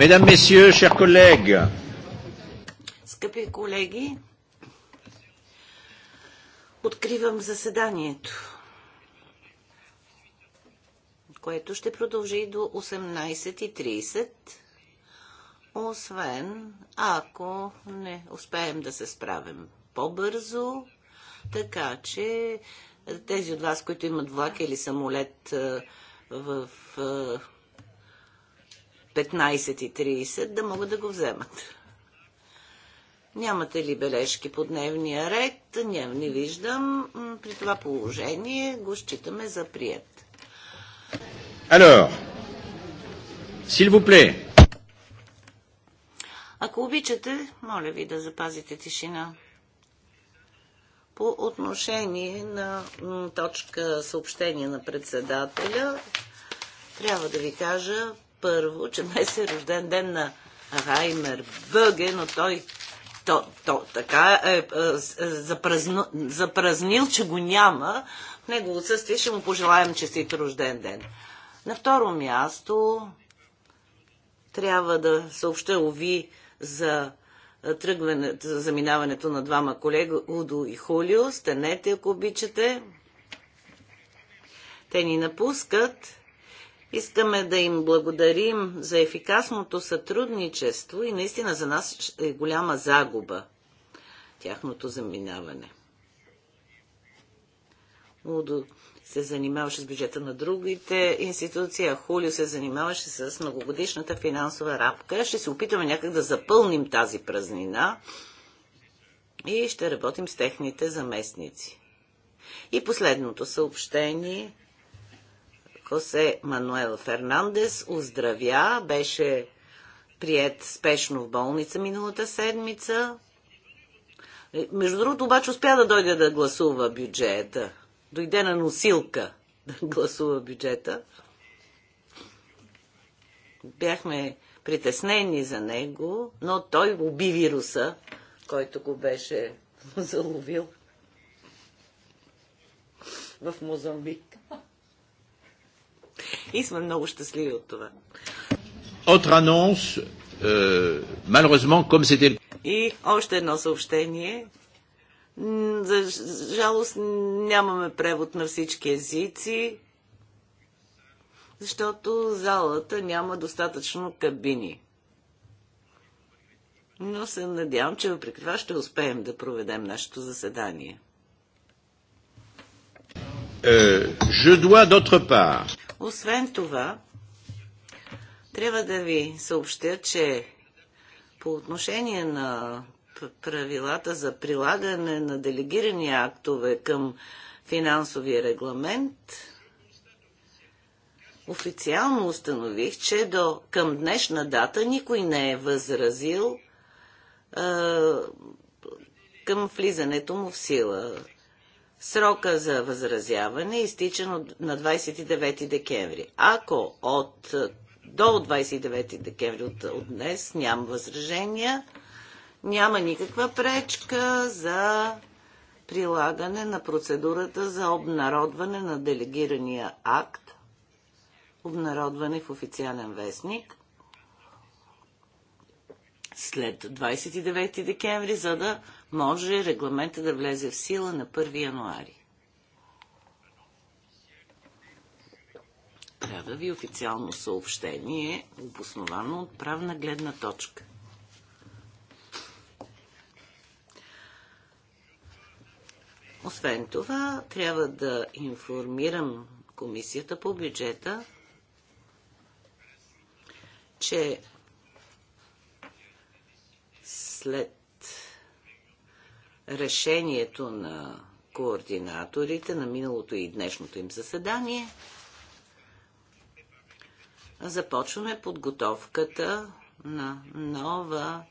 Mesdames, Messieurs, chers collègues. Скъпи колеги, откривам заседанието, което ще продължи до 18.30, освен ако не успеем да се справим по-бързо, така че тези от вас, които имат влак или самолет в 15.30 да могат да го вземат. Нямате ли бележки по дневния ред? Не, не виждам. При това положение го считаме за прият. Alors, s'il vous plaît. Ако обичате, моля ви да запазите тишина. По отношение на точка съобщение на председателя, трябва да ви кажа, първо, че днес е рожден ден на Раймер Бъге, но той то, то, така е, е, запразну, запразнил, че го няма. В негово отсъствие ще му пожелаем честит рожден ден. На второ място трябва да съобща Ови за е, тръгването, за заминаването на двама колега, Удо и Хулио. Станете, ако обичате. Те ни напускат. Искаме да им благодарим за ефикасното сътрудничество и наистина за нас е голяма загуба тяхното заминаване. Удо се занимаваше с бюджета на другите институции, а Хулио се занимаваше с многогодишната финансова рапка. Ще се опитаме някак да запълним тази празнина и ще работим с техните заместници. И последното съобщение – Хосе Мануел Фернандес оздравя, беше прият спешно в болница миналата седмица. Между другото, обаче успя да дойде да гласува бюджета. Дойде на носилка да гласува бюджета. Бяхме притеснени за него, но той уби вируса, който го беше заловил в Мозамбик. И сме много щастливи от това. Euh, malheureusement, comme c'était... И още едно съобщение. За жалост нямаме превод на всички езици, защото залата няма достатъчно кабини. Но се надявам, че въпреки това ще успеем да проведем нашето заседание. Euh, je dois d'autre part освен това, трябва да ви съобщя, че по отношение на правилата за прилагане на делегирани актове към финансовия регламент, официално установих, че до към днешна дата никой не е възразил към влизането му в сила. Срока за възразяване е изтичан на 29 декември. Ако от, до 29 декември от, от днес няма възражения, няма никаква пречка за прилагане на процедурата за обнародване на делегирания акт, обнародване в официален вестник след 29 декември, за да може регламента да влезе в сила на 1 януари. Трябва ви официално съобщение, обосновано от правна гледна точка. Освен това, трябва да информирам комисията по бюджета, че след решението на координаторите на миналото и днешното им заседание. Започваме подготовката на нова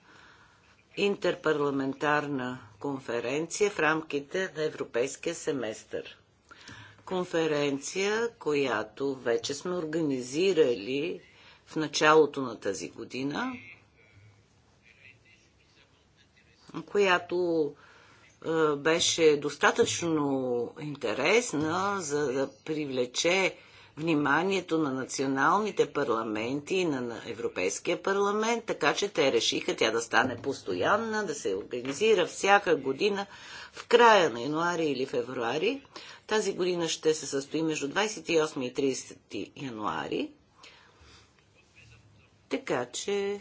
интерпарламентарна конференция в рамките на Европейския семестър. Конференция, която вече сме организирали в началото на тази година, която е, беше достатъчно интересна, за да привлече вниманието на националните парламенти и на Европейския парламент, така че те решиха тя да стане постоянна, да се организира всяка година в края на януари или февруари. Тази година ще се състои между 28 и 30 януари. Така че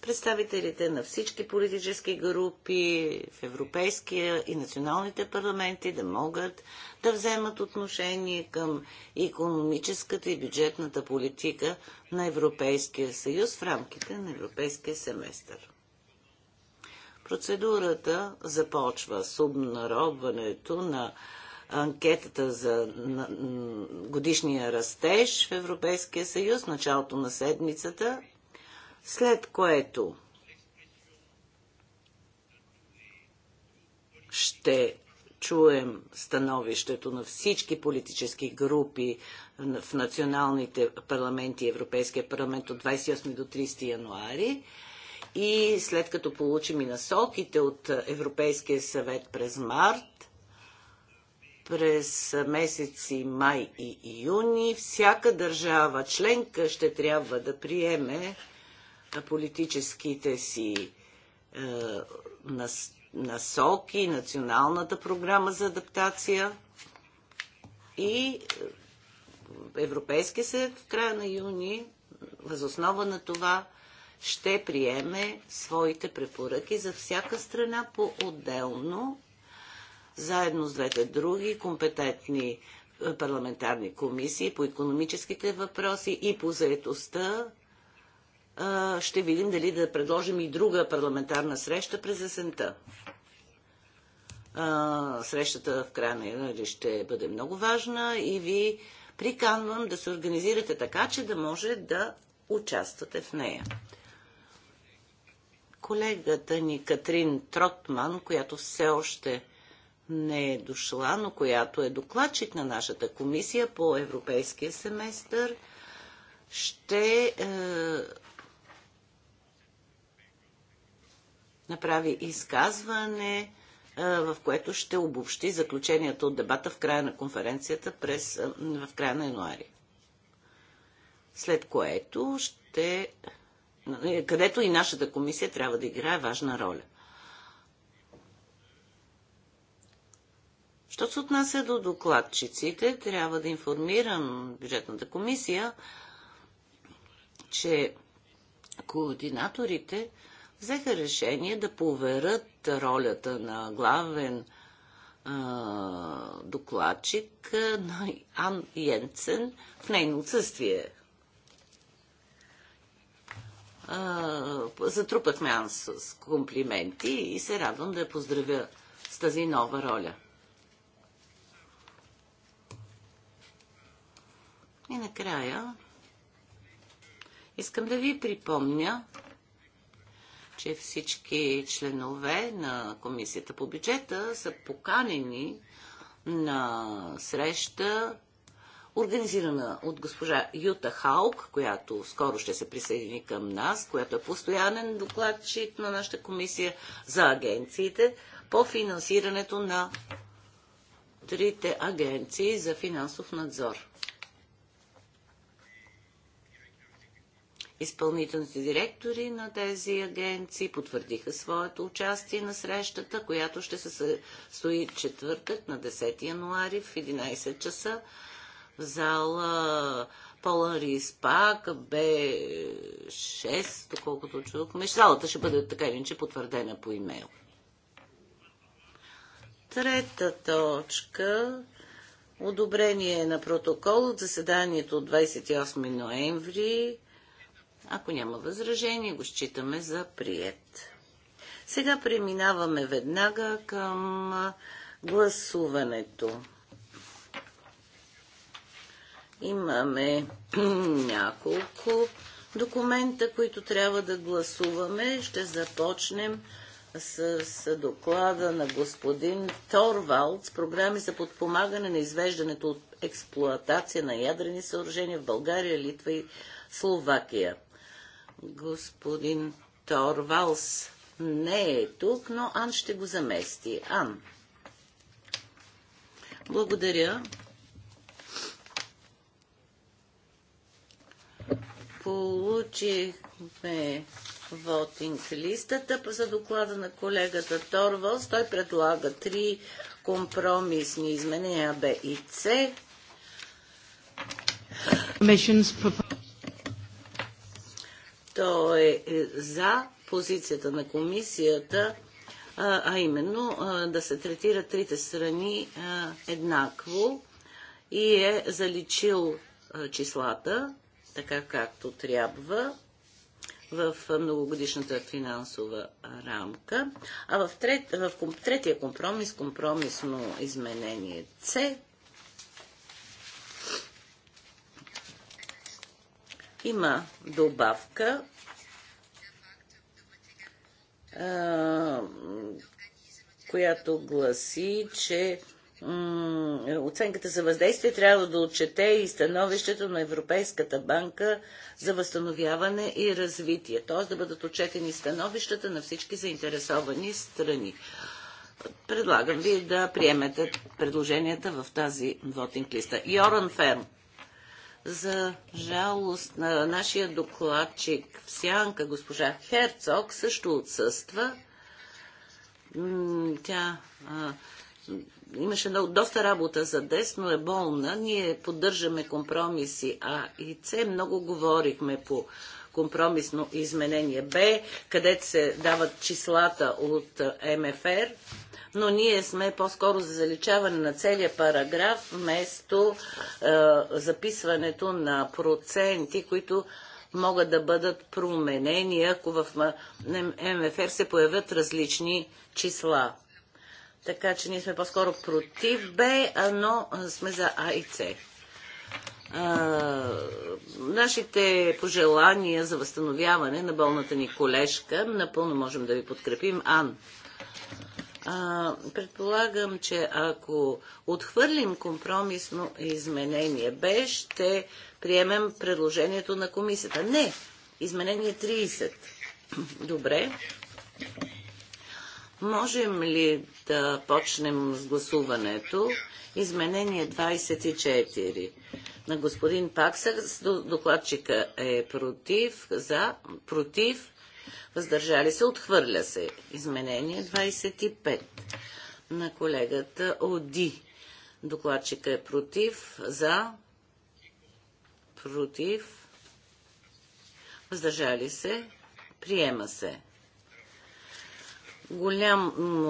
представителите на всички политически групи в Европейския и националните парламенти да могат да вземат отношение към економическата и бюджетната политика на Европейския съюз в рамките на Европейския семестър. Процедурата започва с обнародването на анкетата за годишния растеж в Европейския съюз, началото на седмицата след което ще чуем становището на всички политически групи в националните парламенти и Европейския парламент от 28 до 30 януари и след като получим и насоките от Европейския съвет през март, през месеци май и юни, всяка държава членка ще трябва да приеме политическите си е, нас, насоки, националната програма за адаптация и е, Европейския съвет в края на юни, възоснова на това, ще приеме своите препоръки за всяка страна по-отделно, заедно с двете други компетентни е, парламентарни комисии по економическите въпроси и по заетостта ще видим дали да предложим и друга парламентарна среща през есента. Срещата в края на януари ще бъде много важна и ви приканвам да се организирате така, че да може да участвате в нея. Колегата ни Катрин Тротман, която все още не е дошла, но която е докладчик на нашата комисия по европейския семестър, ще е, направи изказване, е, в което ще обобщи заключенията от дебата в края на конференцията през, е, в края на януари. След което ще. Е, където и нашата комисия трябва да играе важна роля. Що се отнася до докладчиците, трябва да информирам бюджетната комисия, че координаторите взеха решение да поверят ролята на главен а, докладчик на Ан Йенцен в нейно отсъствие. А, затрупахме Ан с комплименти и се радвам да я поздравя с тази нова роля. И накрая искам да ви припомня, че всички членове на Комисията по бюджета са поканени на среща, организирана от госпожа Юта Хаук, която скоро ще се присъедини към нас, която е постоянен докладчик на нашата комисия за агенциите по финансирането на трите агенции за финансов надзор. Изпълнителните директори на тези агенции потвърдиха своето участие на срещата, която ще се състои четвъртък на 10 януари в 11 часа в зала Полари СПАК Б6, доколкото чухме. Залата ще бъде така или иначе потвърдена по имейл. Трета точка одобрение на протокол от заседанието от 28 ноември ако няма възражение, го считаме за прият. Сега преминаваме веднага към гласуването. Имаме няколко документа, които трябва да гласуваме. Ще започнем с, с доклада на господин Торвалд с програми за подпомагане на извеждането от експлоатация на ядрени съоръжения в България, Литва и Словакия. Господин Торвалс не е тук, но Ан ще го замести. Ан. Благодаря. Получихме вотинг листата за доклада на колегата Торвалс. Той предлага три компромисни изменения Б и С. Той е, е за позицията на комисията, а именно да се третират трите страни еднакво и е заличил числата, така както трябва в многогодишната финансова рамка. А в, трет, в третия компромис, компромисно изменение С, Има добавка, която гласи, че оценката за въздействие трябва да отчете и становището на Европейската банка за възстановяване и развитие, т.е. да бъдат отчетени становищата на всички заинтересовани страни. Предлагам ви да приемете предложенията в тази вотинг листа. Йоран Ферм. За жалост на нашия докладчик в Сянка, госпожа Херцог, също отсъства. Тя а, имаше доста работа за дес, но е болна. Ние поддържаме компромиси А и С. Много говорихме по компромисно изменение Б, където се дават числата от е МФР но ние сме по-скоро за заличаване на целия параграф, вместо е, записването на проценти, които могат да бъдат променени, ако в МФР се появят различни числа. Така че ние сме по-скоро против Б, но сме за А и С. Нашите пожелания за възстановяване на болната ни колежка напълно можем да ви подкрепим. Ан, а, предполагам, че ако отхвърлим компромисно изменение Б, ще приемем предложението на комисията. Не, изменение 30. Добре. Можем ли да почнем с гласуването? Изменение 24 на господин Паксър. Докладчика е против, за, против, въздържали се, отхвърля се. Изменение 25 на колегата Оди. Докладчика е против, за, против, въздържали се, приема се. Голям,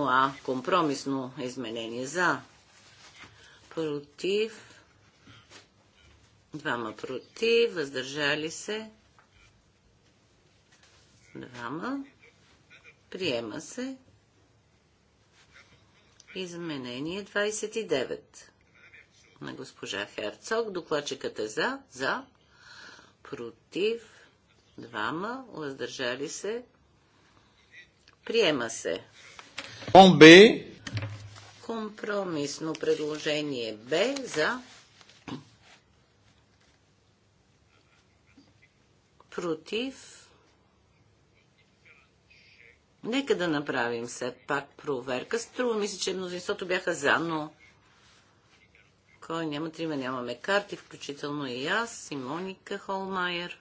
а, компромисно изменение за, против, двама против, въздържали се, Двама. Приема се. Изменение 29 на госпожа Херцог. Докладчикът е за. За. Против. Двама. Въздържали се. Приема се. Бомби. Компромисно предложение Б за. Против. Нека да направим все пак проверка. Струва ми се, че мнозинството бяха за, но кой няма трима, нямаме карти, включително и аз, и Моника Холмайер.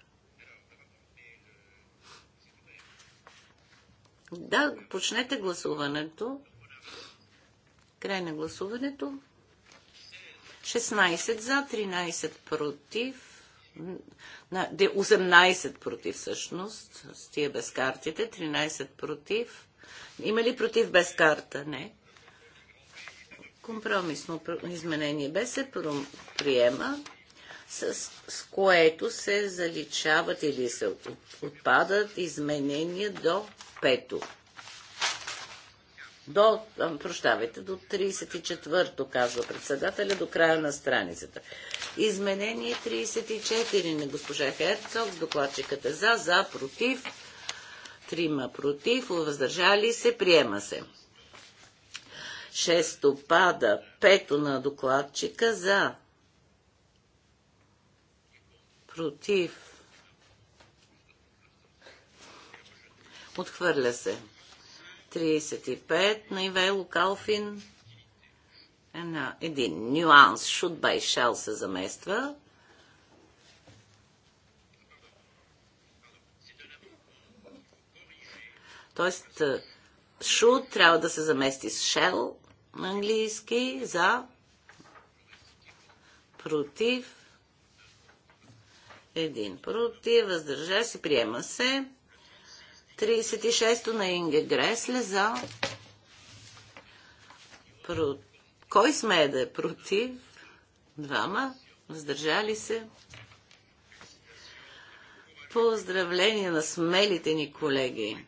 Да, почнете гласуването. Край на гласуването. 16 за, 13 против. 18 против всъщност, с тия без картите, 13 против. Има ли против без карта? Не. Компромисно изменение без се приема, с, с което се заличават или се отпадат изменения до пето до, прощавайте, до 34-то, казва председателя, до края на страницата. Изменение 34 на госпожа Херцог, докладчикът е за, за, против, трима против, въздържали се, приема се. Шесто пада, пето на докладчика за, против, отхвърля се. 35 на Ивейло Калфин. Една, един нюанс. Should by shall се замества. Тоест, should трябва да се замести с шел на английски за против един против, въздържа се, приема се. 36-то на Инге Гресле за. Про... Кой смее да е против? Двама. Въздържали се. Поздравления на смелите ни колеги.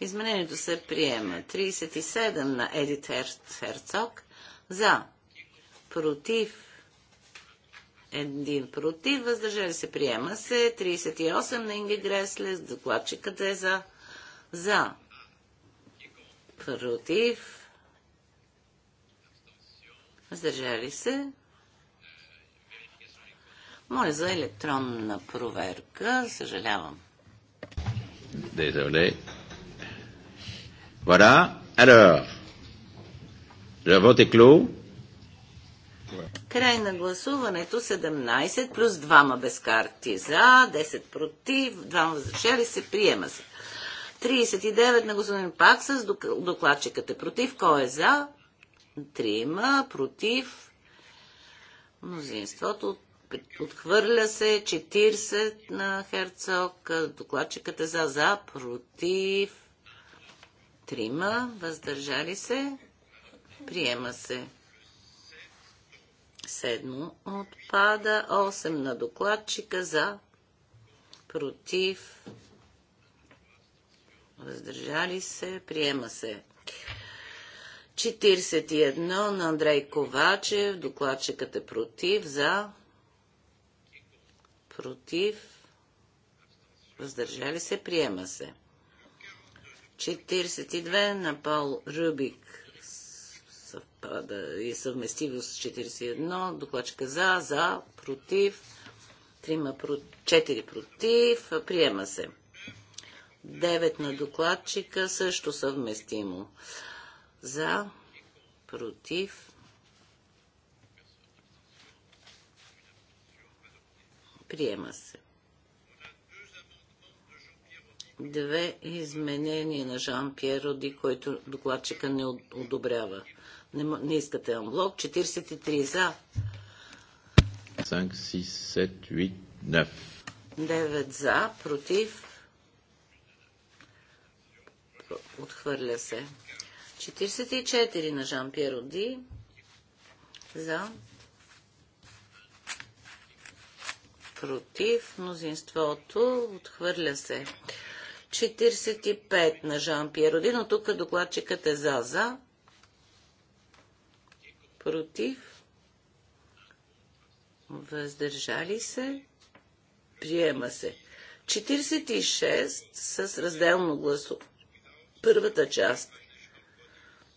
Изменението се приема. 37 на Едит Херцог. За. Против един против, въздържали се, приема се. 38 на Инги Гресле, докладчикът е за. За. Против. Въздържали се. Моля за електронна проверка. Съжалявам. Désolé. Voilà. Alors, le клуб. Край на гласуването 17 плюс 2 без карти за, 10 против, 2 въздържали се, приема се. 39 на гласуване пак с докладчикът е против. Кой е за? 3 против. Мнозинството отхвърля се 40 на Херцог. Докладчикът е за, за, против. Трима въздържали се. Приема се. Седмо отпада. 8 на докладчика за. Против. Въздържали се. Приема се. 41 на Андрей Ковачев. Докладчикът е против. За. Против. Въздържали се. Приема се. 42 на Пол Рубик да е съвместиво с 41. Докладчика за, за, против. 3 про... 4 против. Приема се. 9 на докладчика също съвместимо. За, против. Приема се. Две изменения на Жан Пьер Роди, който докладчика не одобрява. Не, не искате блок. 43 за. 5, 6, 7, 8, 9. 9 за, против. Отхвърля се. 44 на Жан-Пьер Оди. За. Против. Мнозинството. Отхвърля се. 45 на Жан-Пьер Оди, но тук докладчикът е за. За против, въздържали се, приема се. 46 с разделно гласо. Първата част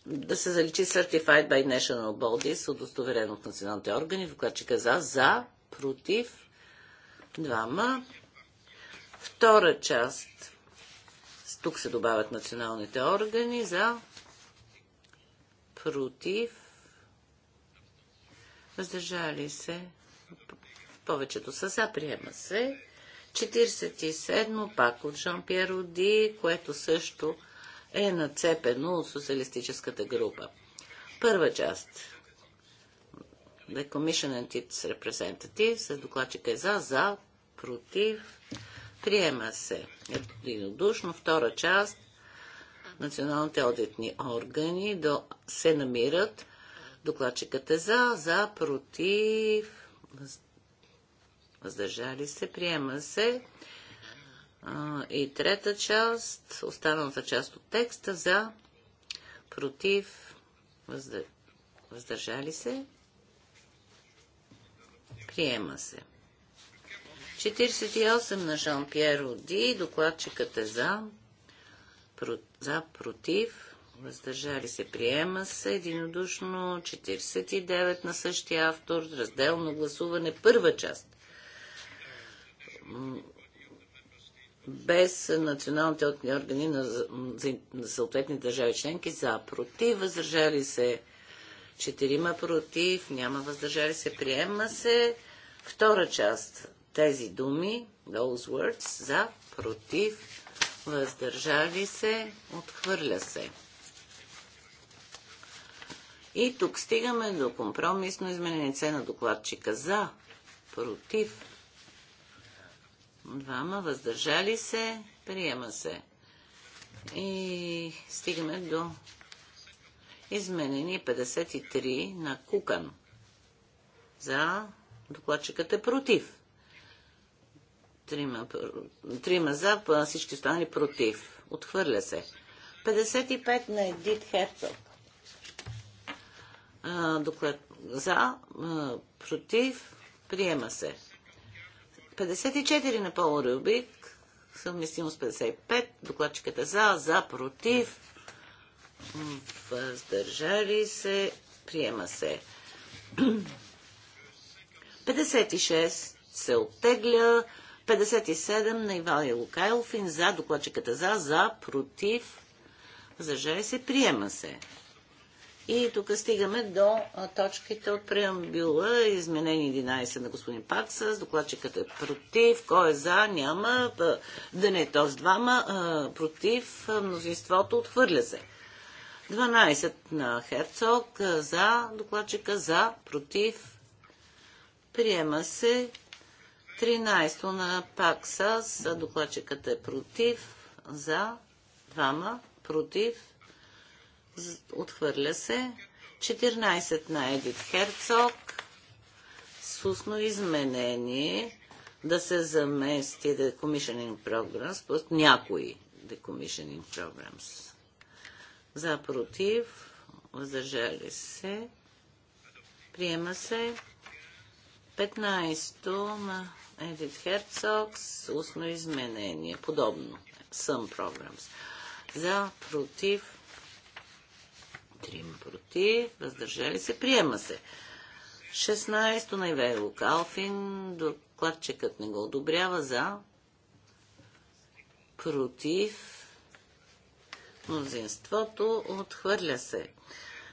да се заличи Certified by National Bodies, удостоверен от националните органи, докладчика за, за, против, двама. Втора част, тук се добавят националните органи, за, против, въздържали се, повечето са за, приема се. 47 пак от Жан Пьер Оди, което също е нацепено от социалистическата група. Първа част. The Commission and its Representative с докладчика е за, за, против. Приема се единодушно. Втора част. Националните одитни органи до, се намират Докладчикът е за, за, против, въздържали се, приема се. И трета част, останалата част от текста за, против, въздържали се, приема се. 48 на Жан-Пьер Оди, докладчикът е за, за, против, въздържали се, приема се единодушно 49 на същия автор, разделно гласуване, първа част. Без националните органи на, на съответните държави членки за против, въздържали се 4 против, няма въздържали се, приема се втора част. Тези думи, those words, за против, въздържали се, отхвърля се. И тук стигаме до компромисно изменение Це на докладчика за, против, двама, въздържали се, приема се. И стигаме до изменение 53 на Кукан. За, докладчикът е против. Трима, трима за, всички останали против. Отхвърля се. 55 на Едит Херцог. Доклад за, против, приема се. 54 на Пол Рубик, съвместимо с 55. Докладчиката за, за, против, въздържали се, приема се. 56 се оттегля. 57 на Ивалия Лукайлфин за, докладчиката за, за, против, въздържали се, приема се. И тук стигаме до точките от преамбюла. Изменени 11 на господин Паксас, Докладчикът е против. Кой е за? Няма. Да не е този двама. Против. Мнозинството отхвърля се. 12 на Херцог. За. Докладчика за. Против. Приема се. 13 на Паксас, Докладчикът е против. За. Двама. Против. Отхвърля се. 14 на Едит Херцог. С устно изменение да се замести Decommissioning Programs под някои Decommissioning Programs. За против. Въздържали се. Приема се. 15-то на Едит Херцог с устно изменение. Подобно. Е. Съм Programs. За, против, 3 против, въздържали се, приема се. 16 на Ивайло Калфин, докладчикът не го одобрява за, против, мнозинството отхвърля се.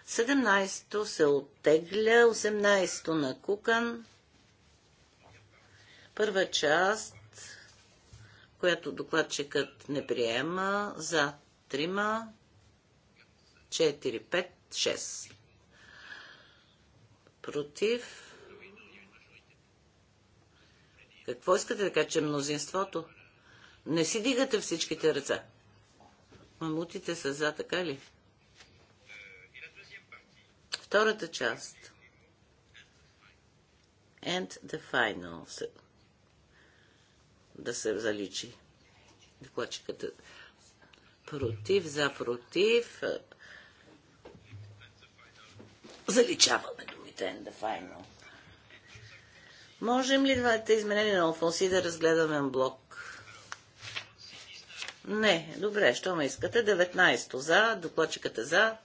17 то се оттегля, 18 то на Кукан, първа част, която докладчикът не приема, за трима, 4, 5, 6. Против. Какво искате да кажа, че мнозинството? Не си дигате всичките ръца. Мамутите са за, така ли? Втората част. And the final. Да се заличи. Против, за, против заличаваме думите and the final. Можем ли двете изменения на Алфонси да разгледаме блок? Не, добре, що ме искате? 19-то за, докладчикът е за,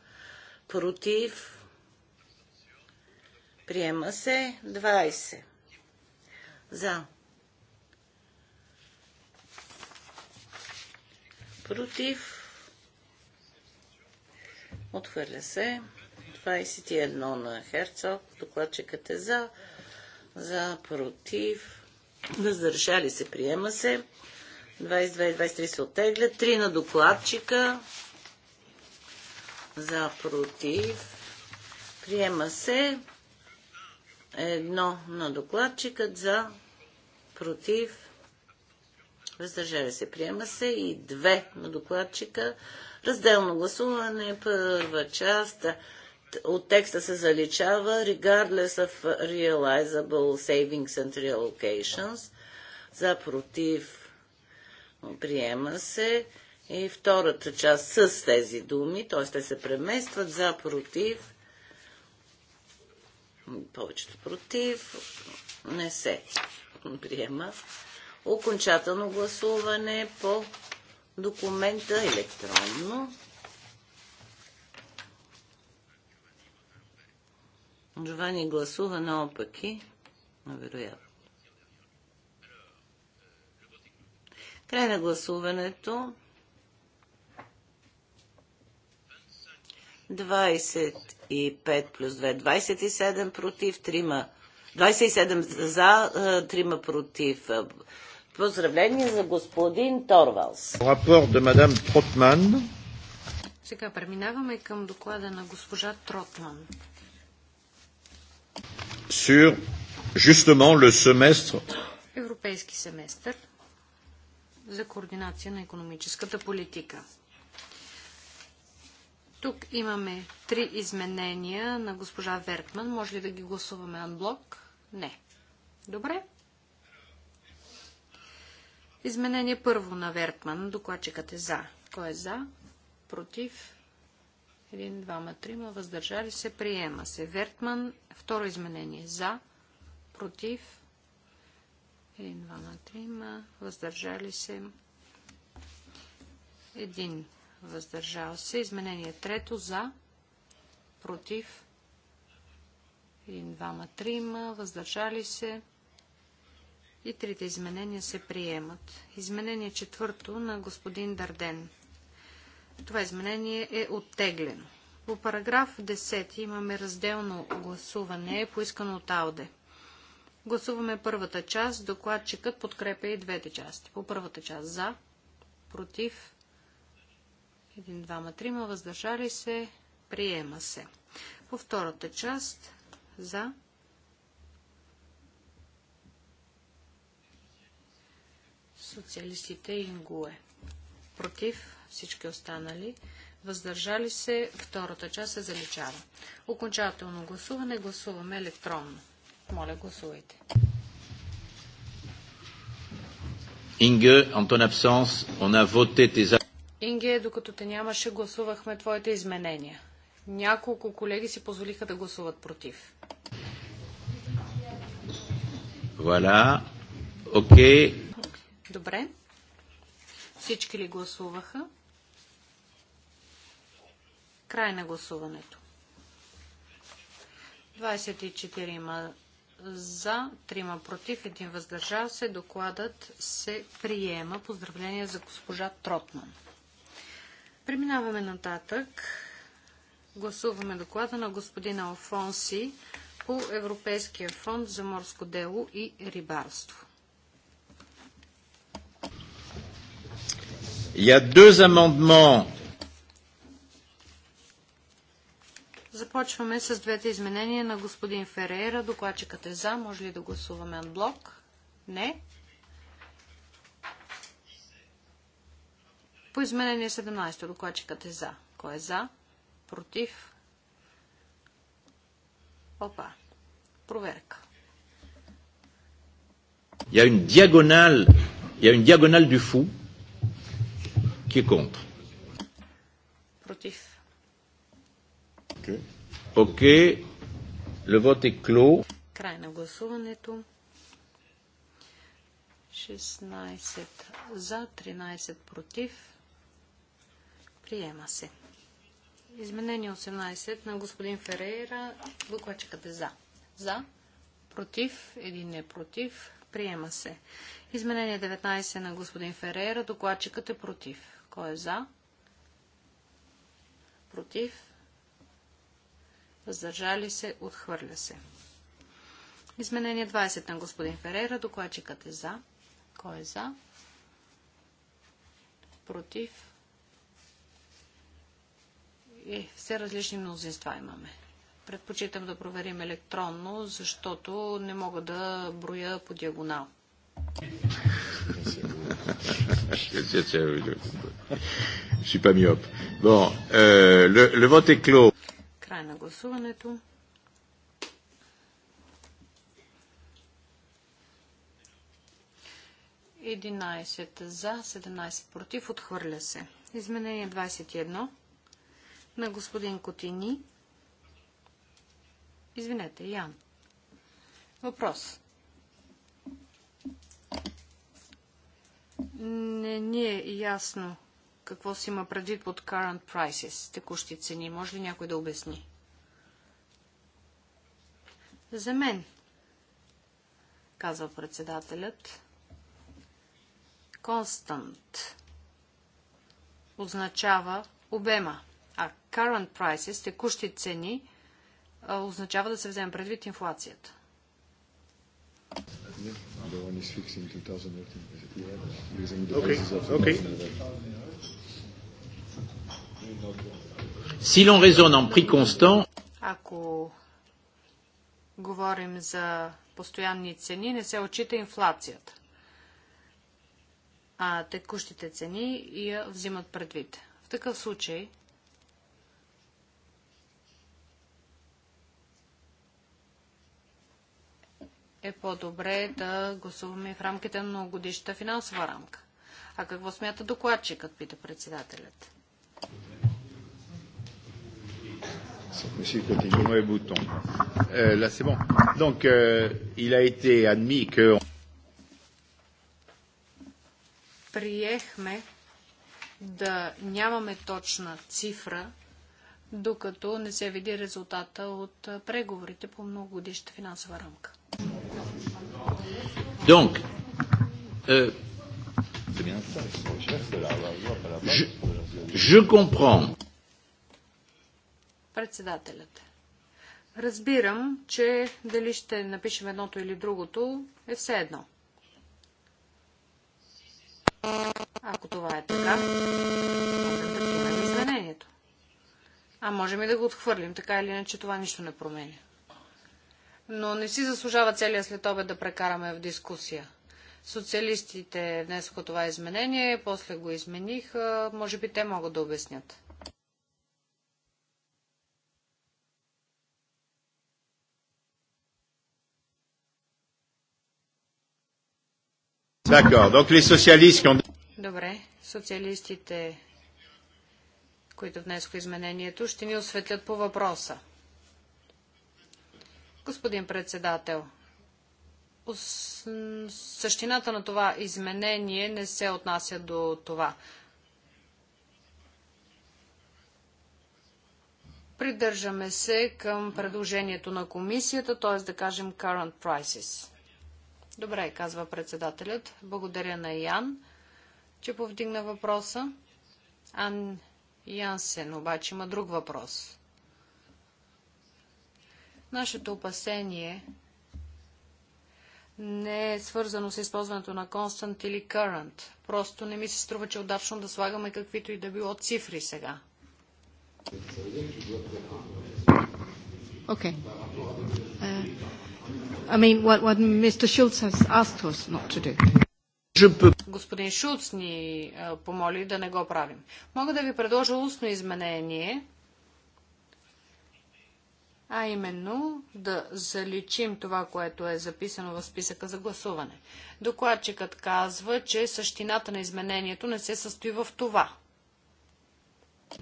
против, приема се, 20 за, против, отхвърля се, 21 на Херцог. Докладчикът е за. За, против. Въздържали се, приема се. 22 и 23 се оттеглят. 3 на докладчика. За, против. Приема се. Едно на докладчикът за, против. Въздържали се, приема се. И две на докладчика. Разделно гласуване, първа част от текста се заличава regardless of realizable savings and relocations. За против приема се. И втората част с тези думи, т.е. те се преместват за против. Повечето против не се приема. Окончателно гласуване по документа електронно. Джовани гласува наопаки. вероятно. Край на гласуването. 25 плюс 2, 27 против, 3, 27 за, 3 е, против. Поздравление за господин Торвалс. Рапорт на мадам Тротман. Сега преминаваме към доклада на госпожа Тротман sur justement le semestre. Европейски семестър за координация на економическата политика. Тук имаме три изменения на госпожа Вертман. Може ли да ги гласуваме анблок? Не. Добре. Изменение първо на Вертман. Докладчикът е за. Кой е за? Против? Един, двама, трима, въздържали се, приема се. Вертман, второ изменение, за, против, един, двама, трима, въздържали се, един, въздържал се. Изменение трето, за, против, един, двама, трима, въздържали се. И трите изменения се приемат. Изменение четвърто на господин Дарден. Това изменение е оттеглено. По параграф 10 имаме разделно гласуване, поискано от АОДЕ. Гласуваме първата част. Докладчикът подкрепя и двете части. По първата част за, против, 1, двама, трима, въздържали се, приема се. По втората част за, социалистите и ингуе. Против, всички останали. Въздържали се, втората част се заличава. Окончателно гласуване гласуваме електронно. Моля, гласувайте. Инге, Антон ton она воте a Инге, докато те нямаше, гласувахме твоите изменения. Няколко колеги си позволиха да гласуват против. Voilà. Окей. Okay. Добре. Всички ли гласуваха? Край на гласуването. 24 за, 3 против, 1 въздържал се. Докладът се приема. Поздравление за госпожа Тротман. Преминаваме нататък. Гласуваме доклада на господина Алфонси по Европейския фонд за морско дело и рибарство. Il y a deux amendements Започваме с двете изменения на господин Ферейра. Докладчикът е за. Може ли да гласуваме анблок? Не. По изменение 17 докладчикът е за. Кой е за? Против? Опа. Проверка. Il y a une diagonale, il y a une diagonale du fou qui est contre. Против. Окей. Okay. Le vote est clos. Край на гласуването. 16 за, 13 против. Приема се. Изменение 18 на господин Ферейра. Буквачката е за. За, против, един не против. Приема се. Изменение 19 на господин Ферейра. Докладчикът е против. Кой е за? Против въздържали се, отхвърля се. Изменение 20 на господин Ферера. Докладчикът е за. Кой е за? Против? И все различни мнозинства имаме. Предпочитам да проверим електронно, защото не мога да броя по диагонал. Je suis pas myope. Bon, euh, le, le vote est clos. Край на гласуването. Единайсет за, 17 против. Отхвърля се. Изменение 21 на господин Котини. Извинете, Ян. Въпрос. Не ни е ясно какво си има предвид под current prices, текущи цени? Може ли някой да обясни? За мен, казва председателят, constant означава обема, а current prices, текущи цени, означава да се вземе предвид инфлацията. Yeah, the one is fixed in Yeah, using the okay. basis of okay. Si l'on raisonne en prix constant, ако говорим за постоянни цени, не се отчита инфлацията. А текущите цени я взимат предвид. В такъв случай е по-добре да гласуваме в рамките на многогодишната финансова рамка. А какво смята докладчикът, пита председателят? Cette musique continue, mauvais bouton. Euh, là, c'est bon. Donc, euh, il a été admis que. Приехме да нямаме точна цифра, докато не се види резултата от преговорите по многогодишната финансова рамка. Donc, euh, je, je comprends Председателят. Разбирам, че дали ще напишем едното или другото е все едно. Ако това е така, можем да приемем изменението. А можем и да го отхвърлим, така или иначе това нищо не променя. Но не си заслужава целия след обед да прекараме в дискусия. Социалистите внесоха това изменение, после го измениха. Може би те могат да обяснят. Добре. Социалистите, които внесоха изменението, ще ни осветлят по въпроса. Господин председател, същината на това изменение не се отнася до това. Придържаме се към предложението на комисията, т.е. да кажем current prices. Добре, казва председателят. Благодаря на Ян, че повдигна въпроса. Ан Янсен обаче има друг въпрос. Нашето опасение не е свързано с използването на constant или current. Просто не ми се струва, че удачно да слагаме каквито и да било цифри сега. Окей. Okay. Uh, I mean, what, what Mr. has asked us not to do. Господин Шулц ни е, помоли да не го правим. Мога да ви предложа устно изменение, а именно да заличим това, което е записано в списъка за гласуване. Докладчикът казва, че същината на изменението не се състои в това.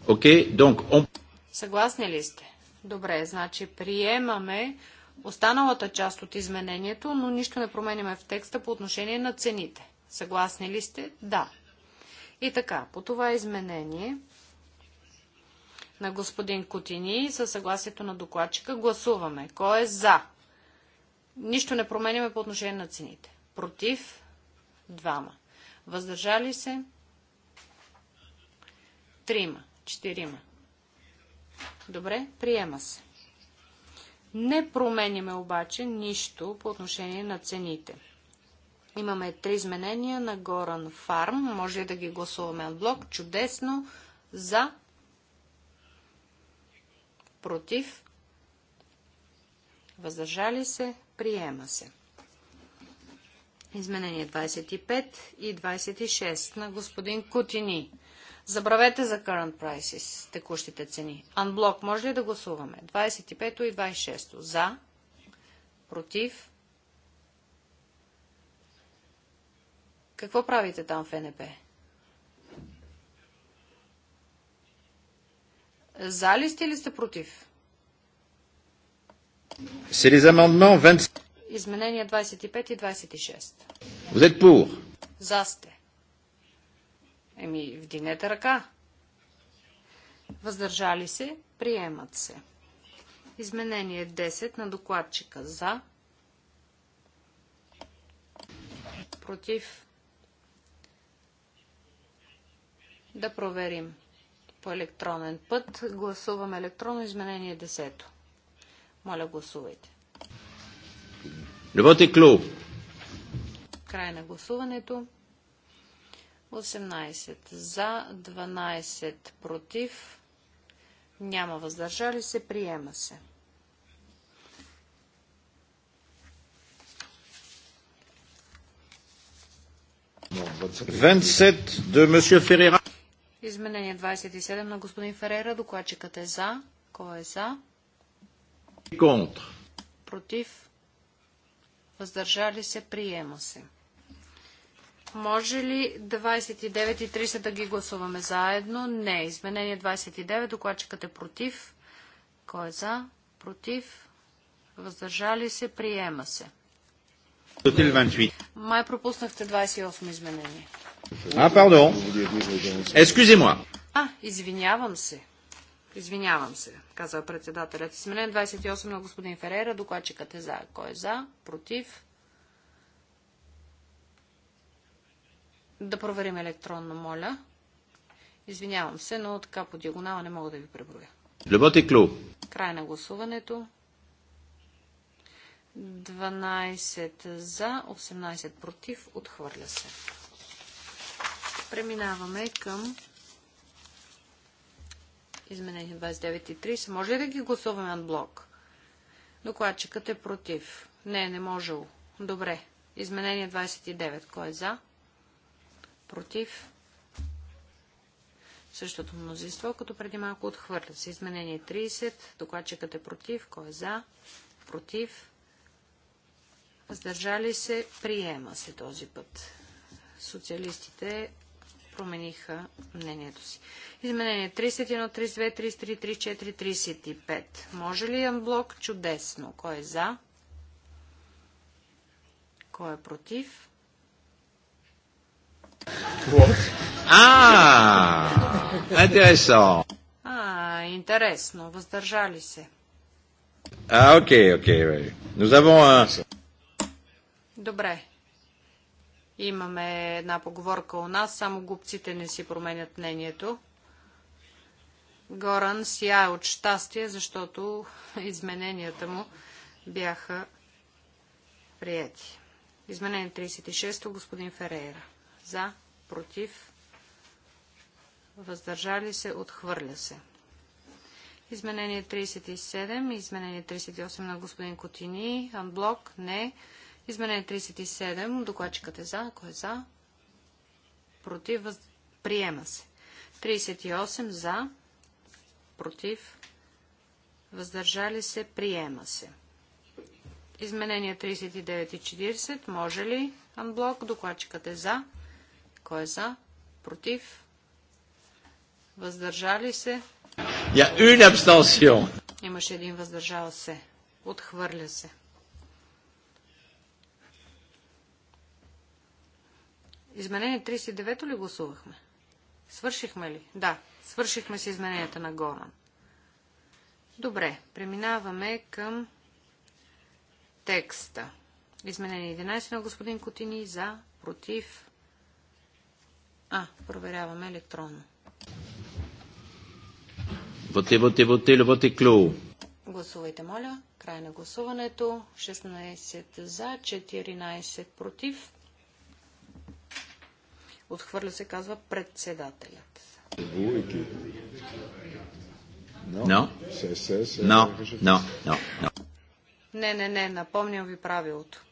Okay, donc on... Съгласни ли сте? Добре, значи приемаме останалата част от изменението, но нищо не променяме в текста по отношение на цените. Съгласни ли сте? Да. И така, по това изменение на господин Кутини със съгласието на докладчика гласуваме. Кой е за? Нищо не променяме по отношение на цените. Против? Двама. Въздържали се? Трима. Четирима. Добре, приема се. Не променяме обаче нищо по отношение на цените. Имаме три изменения на Горан Фарм. Може да ги гласуваме от блок. Чудесно. За. Против. Въздържали се. Приема се. Изменение 25 и 26 на господин Кутини. Забравете за current prices, текущите цени. Unblock, може ли да гласуваме? 25 и 26. За, против. Какво правите там в НП? За ли сте или сте против? 20... Изменения 25 и 26. Vous êtes pour. За сте. Еми, вдигнете ръка. Въздържали се, приемат се. Изменение 10 на докладчика за. Против. Да проверим по електронен път. Гласуваме електронно изменение 10. Моля, гласувайте. Работи клуб. Край на гласуването. 18 за, 12 против, няма въздържали се, приема се. Изменение 27 на господин Ферера. Докладчикът е за. Кой е за? Против. Въздържали се. Приема се. Може ли 29 и 30 да ги гласуваме заедно? Не. Изменение 29. Докладчикът е против. Кой е за? Против. Въздържали се. Приема се. Май пропуснахте 28 изменение. А, пардон. Ескузи-мо. А, извинявам се. Извинявам се, казва председателят. Изменение 28 на господин Ферера. Докладчикът е за. Кой е за? Против. Да проверим електронно, моля. Извинявам се, но така по диагонала не мога да ви преброя. Люботи клуб. Край на гласуването. 12 за, 18 против, отхвърля се. Преминаваме към изменение 29 и 30. Може ли да ги гласуваме на блок? Докладчикът е против. Не, не можел. Добре. Изменение 29. Кой е за? против, същото мнозинство, като преди малко отхвърлят се. Изменение 30, докладчикът е против, кой е за, против, въздържали се, приема се този път. Социалистите промениха мнението си. Изменение 31, 32, 33, 34, 35. Може ли анблок? Чудесно. Кой е за? Кой е против? What? А, интересно. А, интересно. Въздържали се. А, окей, окей. Nous avons Добре. Имаме една поговорка у нас, само губците не си променят мнението. Горан сия от щастие, защото измененията му бяха прияти. Изменение 36 то господин Ферейра за, против, въздържали се, отхвърля се. Изменение 37, изменение 38 на господин Котини, анблок, не. Изменение 37, докладчикът е за, кой е за, против, въз... приема се. 38 за, против, въздържали се, приема се. Изменение 39 и 40, може ли анблок, докладчикът е за, кой е за? Против? Въздържали се? Я une Имаше един въздържал се. Отхвърля се. Изменение 39 ли гласувахме? Свършихме ли? Да, свършихме с измененията на Горан. Добре, преминаваме към текста. Изменение 11 на господин Котини за, против, а, проверяваме електронно. Воте, воте, воте, воте, клю. Гласувайте, моля. Край на гласуването. 16 за, 14 против. Отхвърля се, казва председателят. No. Но. Но. Но. Не, не, не, напомням ви правилото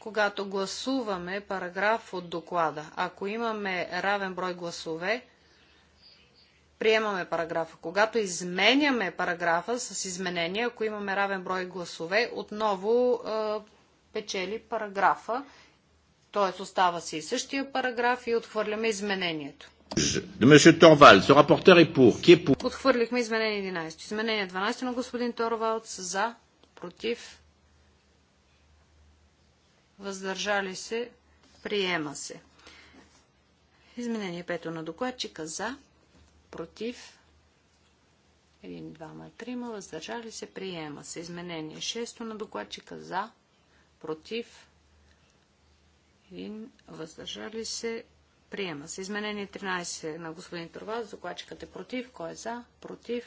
когато гласуваме параграф от доклада. Ако имаме равен брой гласове, приемаме параграфа. Когато изменяме параграфа с изменения, ако имаме равен брой гласове, отново а, печели параграфа. Т.е. остава си и същия параграф и отхвърляме изменението. Отхвърлихме изменение 11. Изменение 12 на господин Торвалц, за, против, въздържали се, приема се. Изменение пето на докладчика за, против, 1, 2, 3, въздържали се, приема се. Изменение 6 на докладчика за, против, 1, въздържали се, приема се. Изменение 13 на господин Турваз, докладчикът е против, кой е за, против,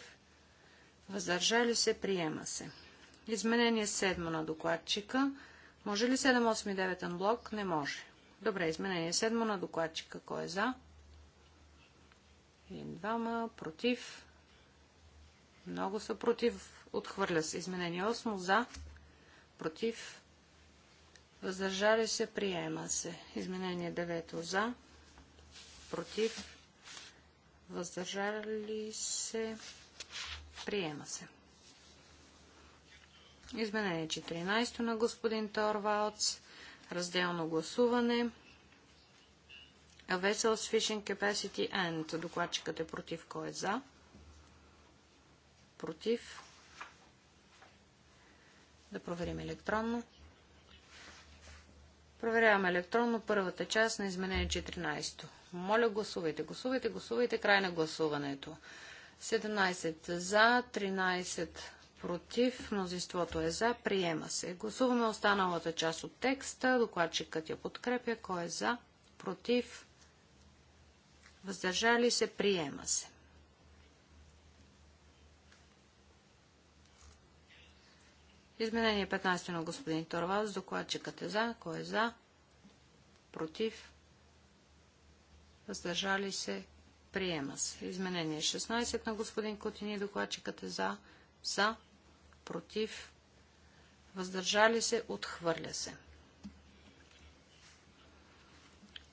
въздържали се, приема се. Изменение 7 на докладчика за, може ли 7, 8 и 9 анблок? Не може. Добре, изменение 7 на докладчика. Кой е за? Един, двама. Против. Много са против. Отхвърля се. Изменение 8 за. Против. Въздържали се. Приема се. Изменение 9 за. Против. Въздържали се. Приема се. Изменение 14 на господин Торвалц. Разделно гласуване. A vessel's fishing capacity and. Докладчикът е против. Кой е за? Против. Да проверим електронно. Проверяваме електронно първата част на изменение 14. Моля, гласувайте, гласувайте, гласувайте край на гласуването. 17 за, 13 против, мнозинството е за, приема се. Гласуваме останалата част от текста. Докладчикът я подкрепя. Кой е за, против, въздържали се, приема се. Изменение 15 на господин Торвалс. Докладчикът е за. Кой е за? Против? Въздържали се? Приема се. Изменение 16 на господин Котини. Докладчикът е за. За? против, въздържали се, отхвърля се.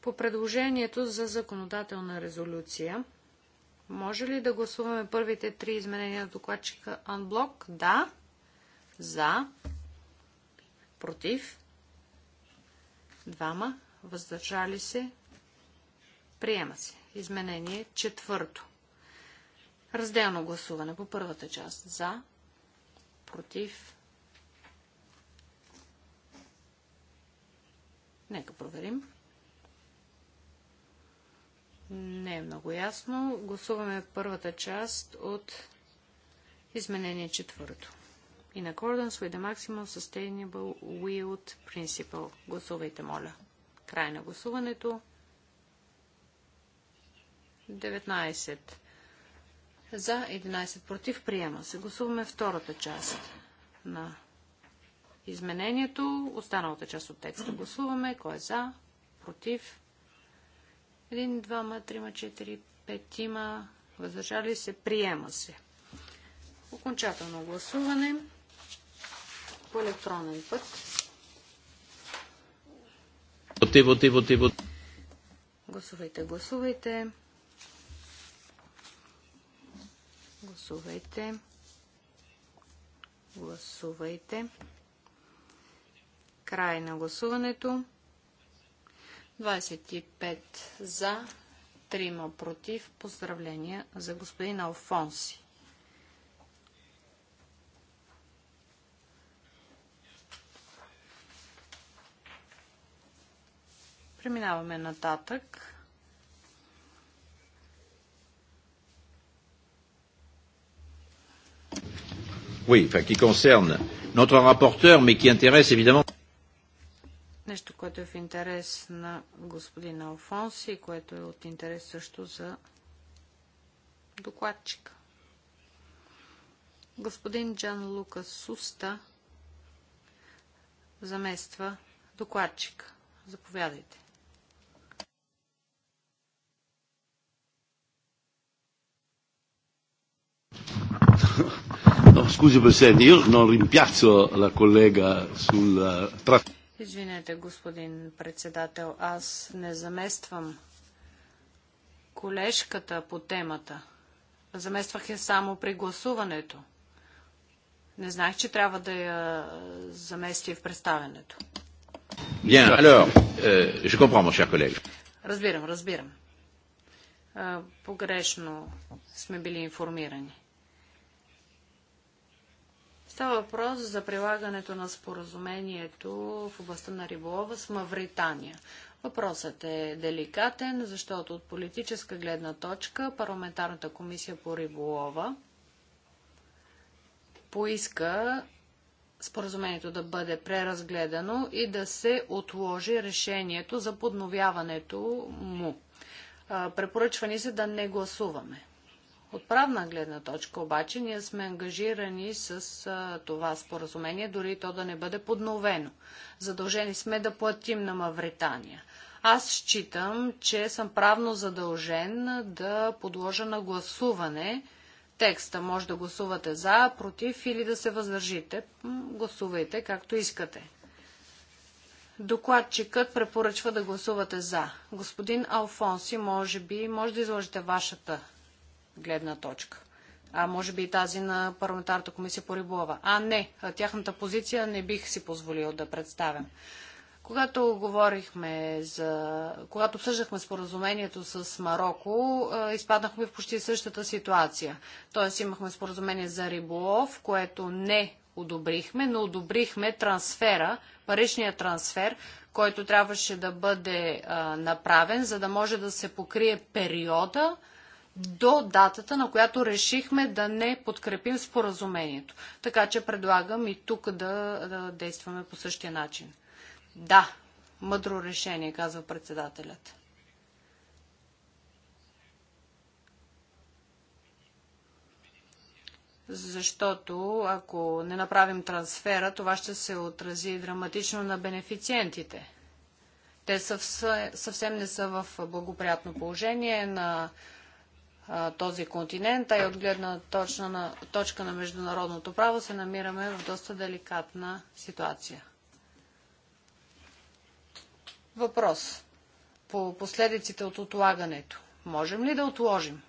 По предложението за законодателна резолюция, може ли да гласуваме първите три изменения на докладчика Анблок? Да. За. Против. Двама. Въздържали се. Приема се. Изменение четвърто. Разделно гласуване по първата част. За. Против. Нека проверим. Не е много ясно. Гласуваме първата част от изменение четвърто. In accordance with the maximum sustainable yield principle. Гласувайте, моля. Край на гласуването. 19 за 11 против. Приема се. Гласуваме втората част на изменението. Останалата част от текста гласуваме. Кой е за? Против? 1, 2, 3, 4, 5 има. Въздържали се. Приема се. Окончателно гласуване по електронен път. Гласувайте, гласувайте. Гласувайте. Гласувайте. Край на гласуването. 25 за, 3 против. Поздравления за господин Алфонси. Преминаваме нататък. oui, enfin qui concerne notre rapporteur, mais qui intéresse évidemment. Нещо, което е в интерес на господин Алфонс и което е от интерес също за докладчика. Господин Джан Лука Суста замества докладчика. Заповядайте. No, scusi Presidente, io non rimpiazzo la collega sul eh, trattato. Извинете, господин председател, аз не замествам колежката по темата. Замествах я само при гласуването. Не знаех, че трябва да я е, замести в представенето. Bien, alors, euh, je mon cher Разбирам, разбирам. Е, погрешно сме били информирани. Става въпрос за прилагането на споразумението в областта на риболова с Мавритания. Въпросът е деликатен, защото от политическа гледна точка парламентарната комисия по риболова поиска споразумението да бъде преразгледано и да се отложи решението за подновяването му. Препоръчва ни се да не гласуваме. От правна гледна точка обаче ние сме ангажирани с а, това споразумение, дори и то да не бъде подновено. Задължени сме да платим на Мавритания. Аз считам, че съм правно задължен да подложа на гласуване текста. Може да гласувате за, против или да се въздържите. Гласувайте както искате. Докладчикът препоръчва да гласувате за. Господин Алфонси, може би, може да изложите вашата гледна точка. А може би и тази на парламентарната комисия по риболова. А не, тяхната позиция не бих си позволил да представям. Когато говорихме за... Когато обсъждахме споразумението с Марокко, изпаднахме в почти същата ситуация. Тоест имахме споразумение за риболов, което не одобрихме, но одобрихме трансфера, паричния трансфер, който трябваше да бъде а, направен, за да може да се покрие периода, до датата, на която решихме да не подкрепим споразумението. Така че предлагам и тук да, да действаме по същия начин. Да, мъдро решение, казва председателят. защото ако не направим трансфера, това ще се отрази драматично на бенефициентите. Те съвсем не са в благоприятно положение. На този континент, а и от гледна точна на, точка на международното право се намираме в доста деликатна ситуация. Въпрос по последиците от отлагането. Можем ли да отложим?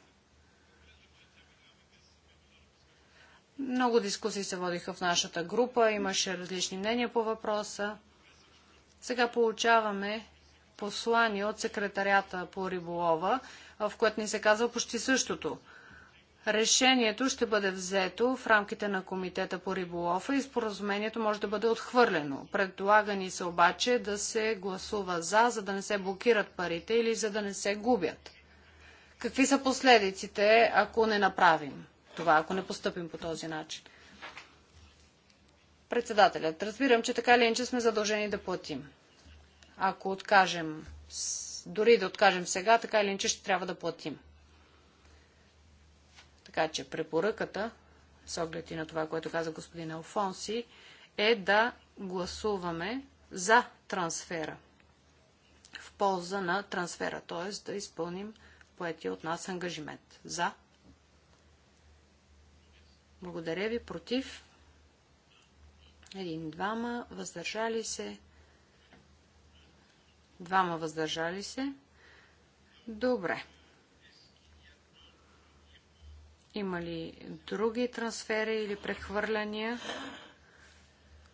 Много дискусии се водиха в нашата група, имаше различни мнения по въпроса. Сега получаваме послание от секретарята по риболова, в което ни се казва почти същото. Решението ще бъде взето в рамките на Комитета по риболова и споразумението може да бъде отхвърлено. Предлага ни се обаче да се гласува за, за да не се блокират парите или за да не се губят. Какви са последиците, ако не направим това, ако не поступим по този начин? Председателят, разбирам, че така ли че сме задължени да платим. Ако откажем, дори да откажем сега, така или иначе ще трябва да платим. Така че препоръката, с оглед и на това, което каза господин Алфонси, е да гласуваме за трансфера. В полза на трансфера, т.е. да изпълним поетия от нас ангажимент. За. Благодаря ви. Против. Един-двама. Въздържали се. Двама въздържали се. Добре. Има ли други трансфери или прехвърляния?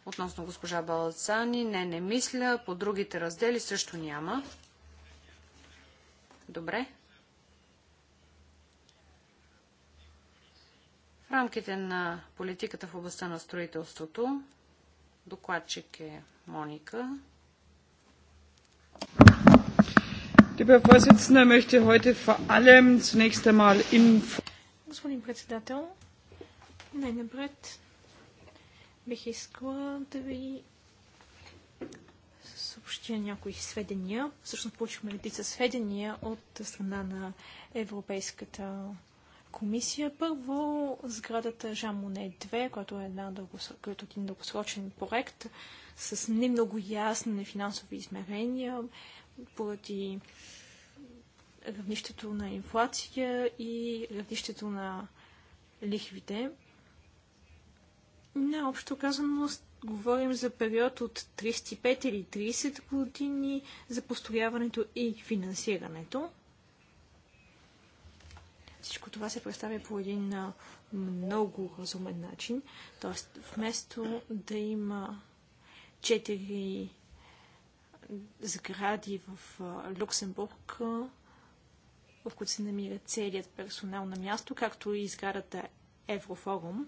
Относно госпожа Балцани, не, не мисля. По другите раздели също няма. Добре. В рамките на политиката в областта на строителството, докладчик е Моника. Господин председател, най-напред бих искала да ви съобщя някои сведения. Всъщност получихме редица сведения от страна на Европейската комисия. Първо, сградата Жан Моне 2, която е една дългосрочен, един дългосрочен проект с не много ясни финансови измерения поради равнището на инфлация и равнището на лихвите. Наобщо общо казано, говорим за период от 35 или 30 години за построяването и финансирането. Всичко това се представя по един много разумен начин. Тоест, вместо да има четири сгради в Люксембург, в които се намира целият персонал на място, както и сградата Еврофорум,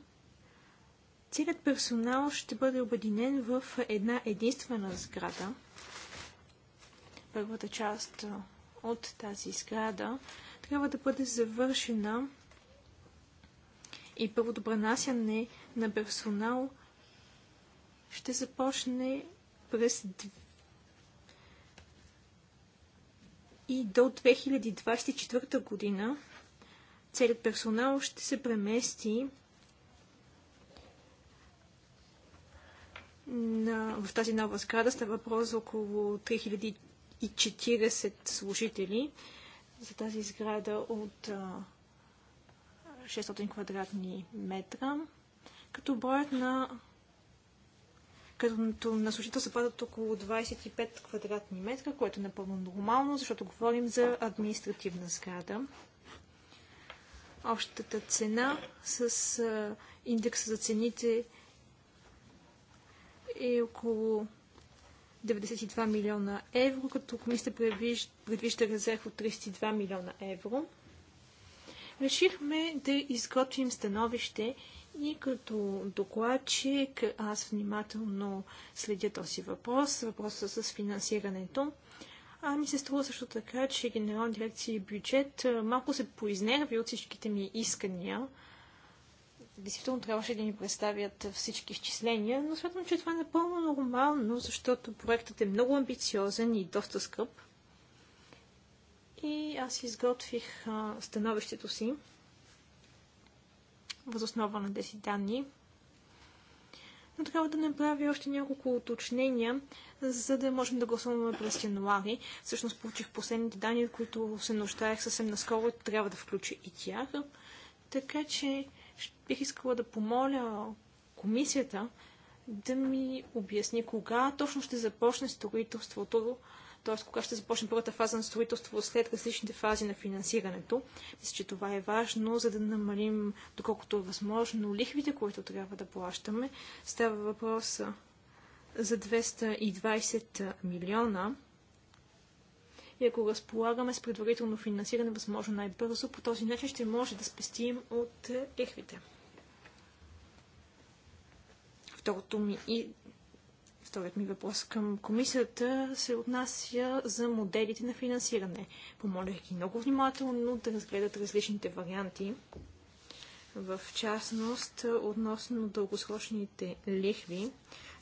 целият персонал ще бъде обединен в една единствена сграда. Първата част от тази сграда трябва да бъде завършена и първото пренасяне на персонал ще започне през и до 2024 година целият персонал ще се премести на, в тази нова сграда. Става въпрос за около 3040 служители за тази сграда от 600 квадратни метра, като броят на като на служител се падат около 25 квадратни метра, което е напълно нормално, защото говорим за административна сграда. Общата цена с индекса за цените е около 92 милиона евро, като комисията предвижда резерв от 32 милиона евро. Решихме да изготвим становище и като докладчик аз внимателно следя този въпрос, въпроса с финансирането. А ми се струва също така, че Генерална дирекция и бюджет малко се поизнерви от всичките ми искания, действително трябваше да ни представят всички изчисления, но смятам, че това е напълно нормално, защото проектът е много амбициозен и доста скъп. И аз изготвих а, становището си възоснова на тези данни. Но трябва да направя още няколко уточнения, за да можем да гласуваме през януари. Всъщност получих последните данни, които се нуждаех съвсем наскоро и трябва да включа и тях. Така че бих искала да помоля комисията да ми обясни кога точно ще започне строителството, т.е. кога ще започне първата фаза на строителство след различните фази на финансирането. Мисля, че това е важно, за да намалим, доколкото е възможно, лихвите, които трябва да плащаме. Става въпрос за 220 милиона и ако разполагаме с предварително финансиране възможно най-бързо, по този начин ще може да спестим от е, лихвите. Второто ми и Вторият ми въпрос към комисията се отнася за моделите на финансиране. Помолях ги много внимателно да разгледат различните варианти, в частност относно дългосрочните лихви.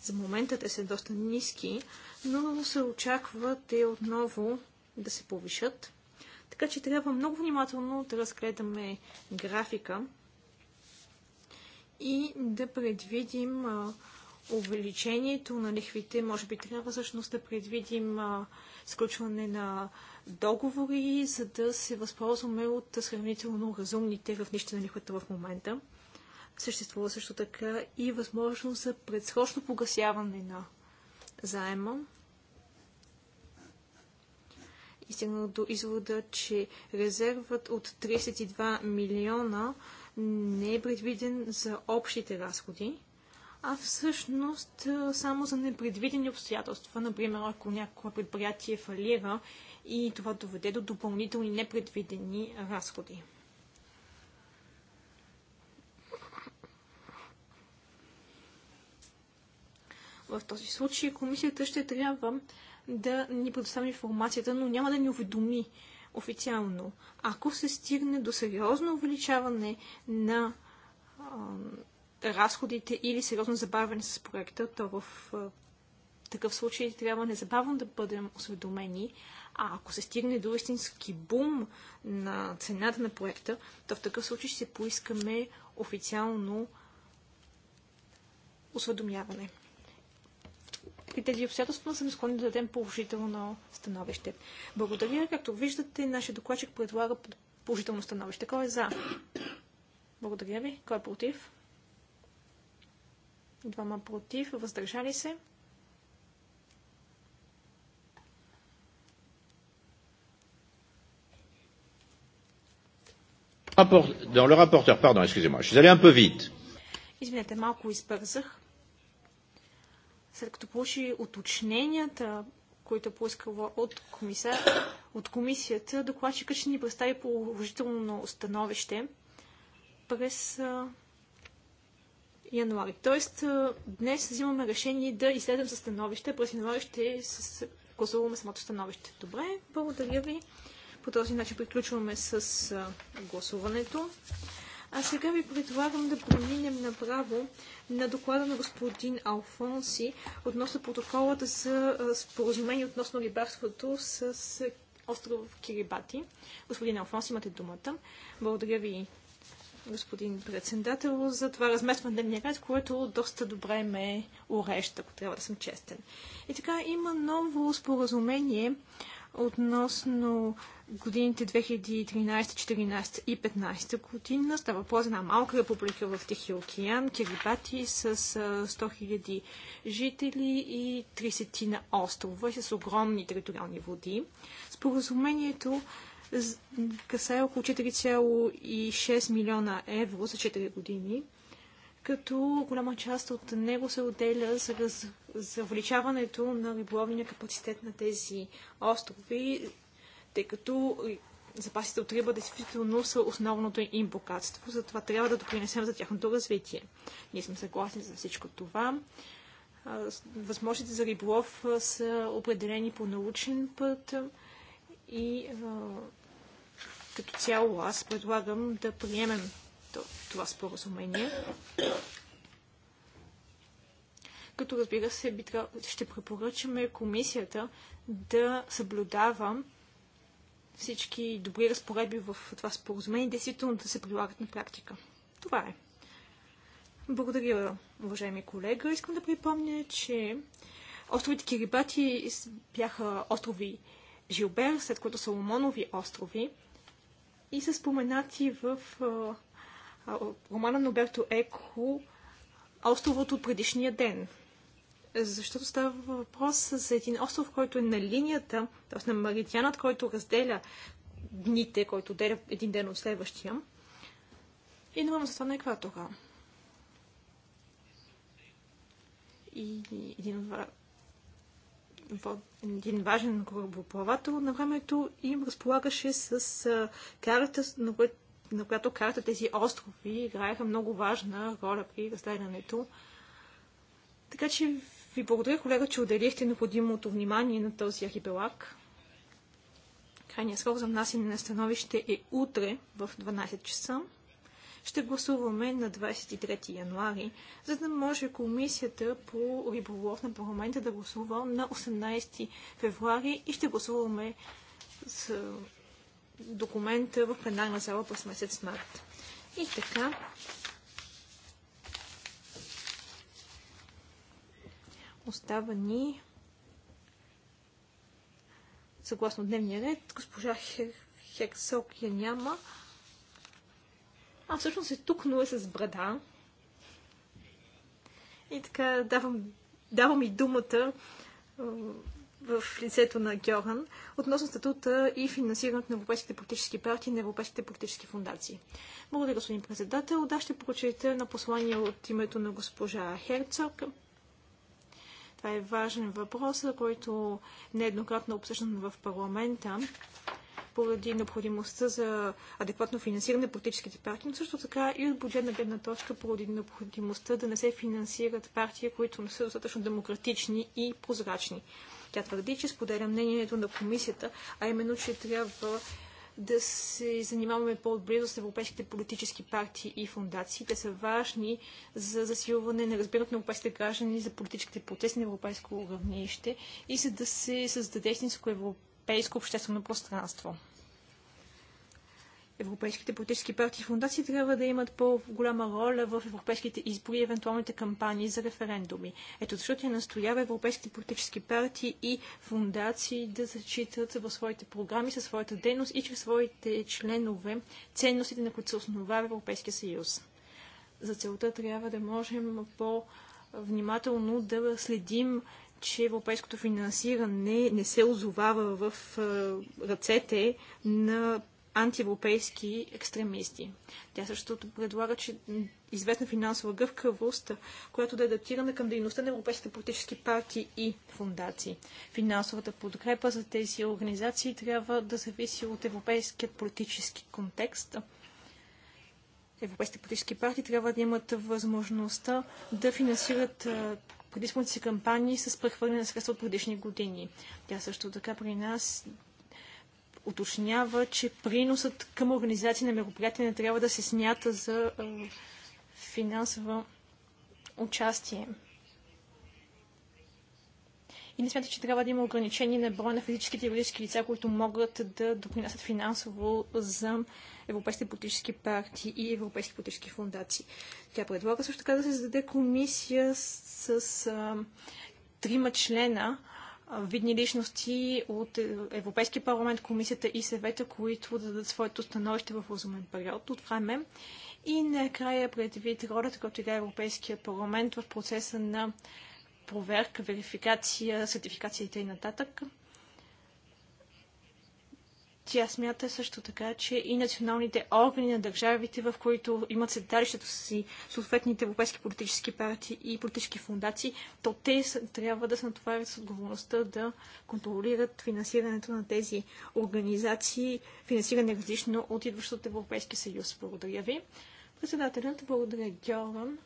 За момента те са доста ниски, но се очаква те отново да се повишат. Така че трябва много внимателно да разгледаме графика и да предвидим увеличението на лихвите. Може би трябва всъщност да предвидим сключване на договори, за да се възползваме от сравнително разумните равнища на лихвата в момента. Съществува също така и възможност за предсрочно погасяване на заема и стигнал до извода, че резервът от 32 милиона не е предвиден за общите разходи, а всъщност само за непредвидени обстоятелства. Например, ако някое предприятие фалира и това доведе до допълнителни непредвидени разходи. В този случай комисията ще трябва да ни предостави информацията, но няма да ни уведоми официално. Ако се стигне до сериозно увеличаване на а, разходите или сериозно забавяне с проекта, то в а, такъв случай трябва незабавно да бъдем осведомени, а ако се стигне до истински бум на цената на проекта, то в такъв случай ще поискаме официално осведомяване при тези обстоятелства съм склонен да дадем положително становище. Благодаря. Както виждате, нашия докладчик предлага положително становище. Кой е за? Благодаря ви. Кой е против? Двама против. Въздържали се. Dans le rapporteur, pardon, excusez-moi, je suis allé un peu vite. Извинете, малко избързах след като получи уточненията, които е поискала от, комисар, от комисията, докладчика ще ни представи положително становище през а, януари. Тоест, а, днес взимаме решение да изследвам със становище, през януари ще гласуваме самото становище. Добре, благодаря ви. По този начин приключваме с а, гласуването. А сега ви предлагам да преминем направо на доклада на господин Алфонси относно протоколата за споразумение относно рибарството с остров Кирибати. Господин Алфонси, имате думата. Благодаря ви, господин председател, за това разместване дневния ред, което доста добре ме уреща, ако трябва да съм честен. И така, има ново споразумение относно годините 2013, 2014 и 2015 година. Става по една малка република в Тихия океан, Кирибати, с 100 000 жители и 30 на острова с огромни териториални води. Споразумението касае около 4,6 милиона евро за 4 години като голяма част от него се отделя за, раз... за увеличаването на риболовния капацитет на тези острови, тъй като запасите от риба действително са основното им богатство, затова трябва да допринесем за тяхното развитие. Ние сме съгласни за всичко това. Възможностите за риболов са определени по научен път и като цяло аз предлагам да приемем това споразумение. Като разбира се, би ще препоръчаме комисията да съблюдава всички добри разпоредби в това споразумение, действително да се прилагат на практика. Това е. Благодаря, уважаеми колега. Искам да припомня, че островите Кирибати бяха острови Жилбер, след което Соломонови острови и са споменати в романа на Оберто Еко Островът от предишния ден. Защото става въпрос за един остров, който е на линията, т.е. на Маритянат, който разделя дните, който отделя един ден от следващия. И на това на екватора. И един, един важен корабоплавател на времето им разполагаше с карата, на която на която карта тези острови играеха много важна роля при разследването. Така че ви благодаря, колега, че отделихте необходимото внимание на този архипелаг. Крайният срок за внасяне на становище е утре в 12 часа. Ще гласуваме на 23 януари, за да може комисията по риболов на парламента да гласува на 18 февруари и ще гласуваме за документа в пленарна зала през месец март. И така, остава ни съгласно дневния ред, госпожа Хексок Херсок я няма. А всъщност е тук, но е с брада. И така давам, давам и думата в лицето на Гьоран относно статута и финансирането на европейските политически партии и на европейските политически фундации. Благодаря, господин председател. Да, ще прочете на послание от името на госпожа Херцог. Това е важен въпрос, който нееднократно е обсъждан в парламента поради необходимостта за адекватно финансиране на политическите партии, но също така и от бюджетна гледна точка поради необходимостта да не се финансират партии, които не са достатъчно демократични и прозрачни. Тя твърди, че споделя мнението на комисията, а именно, че трябва да се занимаваме по-отблизо с европейските политически партии и фундации. Те са важни за засилване на разбирането на европейските граждани за политическите процеси на европейско равнище и за да се създаде истинско европейско обществено пространство европейските политически партии и фундации трябва да имат по-голяма роля в европейските избори и евентуалните кампании за референдуми. Ето защото я настоява европейските политически партии и фундации да зачитат в своите програми, със своята дейност и чрез своите членове ценностите, на които се основава Европейския съюз. За целта трябва да можем по-внимателно да следим че европейското финансиране не се озовава в е, ръцете на антиевропейски екстремисти. Тя също предлага, че известна финансова гъвкавост, която да е датирана към дейността на европейските политически партии и фундации. Финансовата подкрепа за тези организации трябва да зависи от европейският политически контекст. Европейските политически партии трябва да имат възможността да финансират предизборните си кампании с прехвърляне на средства от предишни години. Тя също така при нас уточнява, че приносът към организация на мероприятия не трябва да се смята за е, финансово участие. И не смята, че трябва да има ограничение на броя на физическите и юридически лица, които могат да допринасят финансово за европейските политически партии и европейски политически фундации. Тя предлага също така да се създаде комисия с, с а, трима члена, видни личности от Европейския парламент, комисията и съвета, които дадат своето становище в разумен период от време. И накрая предвид ролята, която играе Европейския парламент в процеса на проверка, верификация, сертификация и т.н. Тя смята също така, че и националните органи на държавите, в които имат седалището си съответните европейски политически партии и политически фундации, то те трябва да се натоварят с отговорността да контролират финансирането на тези организации, финансиране различно от идващото от Европейския съюз. Благодаря ви. Председателят, благодаря Георгън.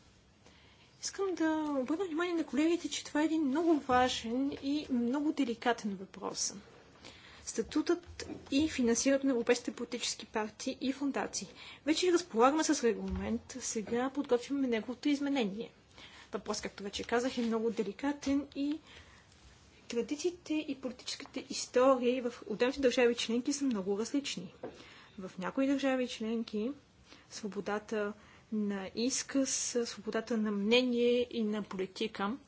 Искам да обърна внимание на колегите, че това е един много важен и много деликатен въпрос статутът и финансирането на европейските политически партии и фундации. Вече разполагаме с регламент, сега подготвяме неговото изменение. Въпрос, както вече казах, е много деликатен и традициите и политическите истории в отделните държави членки са много различни. В някои държави членки свободата на изказ, свободата на мнение и на политика –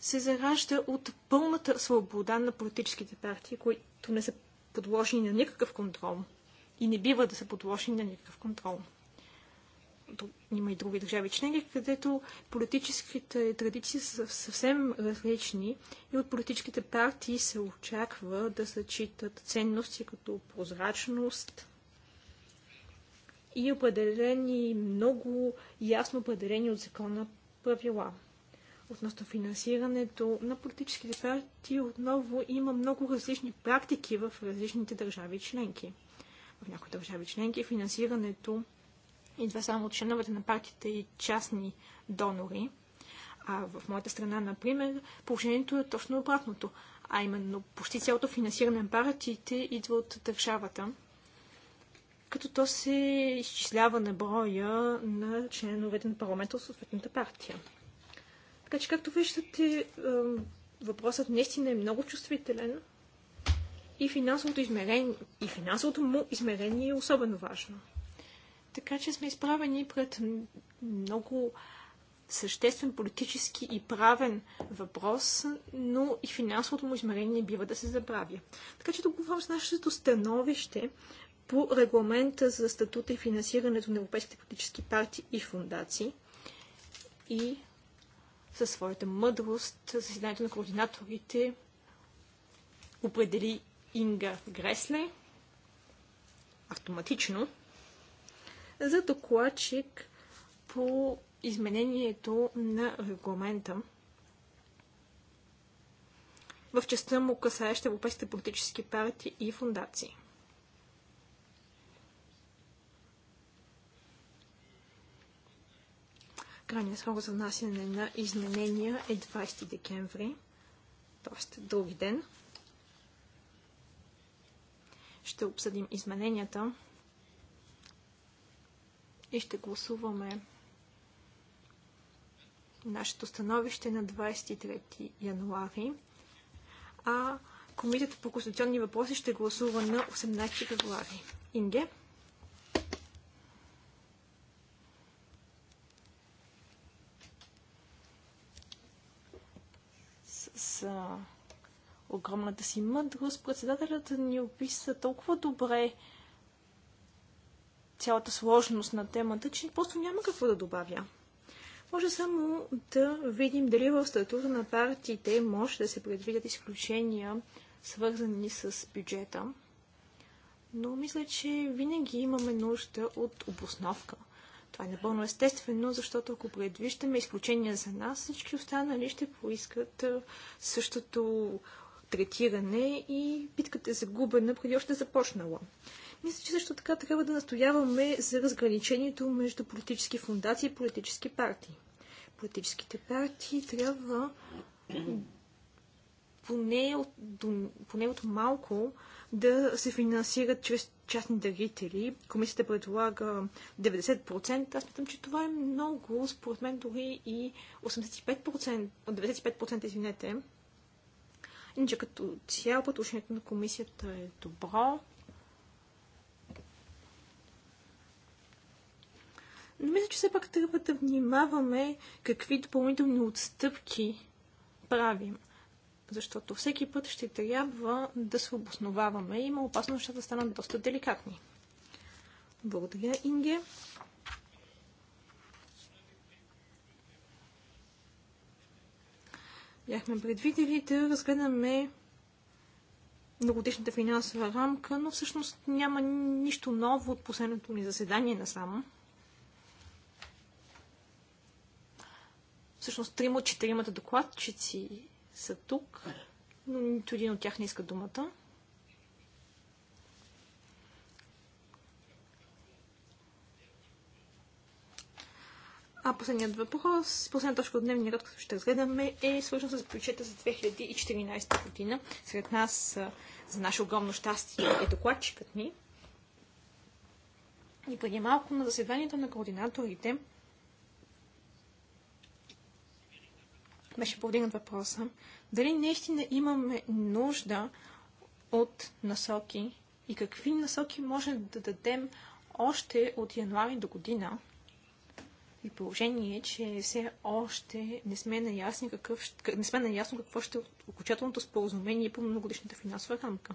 се заражда от пълната свобода на политическите партии, които не са подложени на никакъв контрол и не бива да са подложени на никакъв контрол. Има и други държави членки, където политическите традиции са съвсем различни и от политическите партии се очаква да зачитат ценности като прозрачност и определени, много ясно определени от закона правила относно финансирането на политическите партии, отново има много различни практики в различните държави членки. В някои държави членки финансирането идва само от членовете на партиите и частни донори. А в моята страна, например, положението е точно обратното. А именно, почти цялото финансиране на партиите идва от държавата, като то се изчислява на броя на членовете на парламента от съответната партия. Така че, както виждате, въпросът наистина е много чувствителен и финансовото, измерение, и финансовото му измерение е особено важно. Така че сме изправени пред много съществен политически и правен въпрос, но и финансовото му измерение бива да се забравя. Така че тук говорим с нашето становище по регламента за статута и финансирането на европейските политически партии и фундации. И със своята мъдрост заседанието на координаторите определи Инга Гресле автоматично за докладчик по изменението на регламента в частта му касаеща европейските политически партии и фундации. крайния срок за внасяне на изменения е 20 декември, т.е. Е други ден. Ще обсъдим измененията и ще гласуваме нашето становище на 23 януари, а Комитета по конституционни въпроси ще гласува на 18 февруари. Инге? за огромната си мъдрост. Председателят ни описа толкова добре цялата сложност на темата, че просто няма какво да добавя. Може само да видим дали в статута на партиите може да се предвидят изключения, свързани с бюджета. Но мисля, че винаги имаме нужда от обосновка – това е напълно естествено, защото ако предвиждаме изключения за нас, всички останали ще поискат същото третиране и битката е загубена преди още започнала. Мисля, че също така трябва да настояваме за разграничението между политически фундации и политически партии. Политическите партии трябва поне от, поне от малко да се финансират чрез частни дарители. Комисията предлага 90%. Аз мятам, че това е много. Според мен дори и 85%, 95% извинете. Иначе като цяло предложението на комисията е добро. Но мисля, че все пак трябва да внимаваме какви допълнителни отстъпки правим защото всеки път ще трябва да се обосноваваме и има опасно нещата да станат доста деликатни. Благодаря, Инге. Бяхме предвидели да разгледаме многодишната финансова рамка, но всъщност няма нищо ново от последното ни заседание насам. Всъщност трима от четиримата докладчици са тук, но нито един от тях не иска думата. А последният въпрос, последната точка от дневния ред, като ще разгледаме, е свързана с бюджета за 2014 година. Сред нас, за наше огромно щастие, е докладчикът ни. И преди малко на заседанието на координаторите беше повдигнат въпроса, дали наистина имаме нужда от насоки и какви насоки можем да дадем още от януари до година, и положение, че все още не сме наясно, какъв, не сме наясно какво ще е окончателното споразумение по многодишната финансова рамка.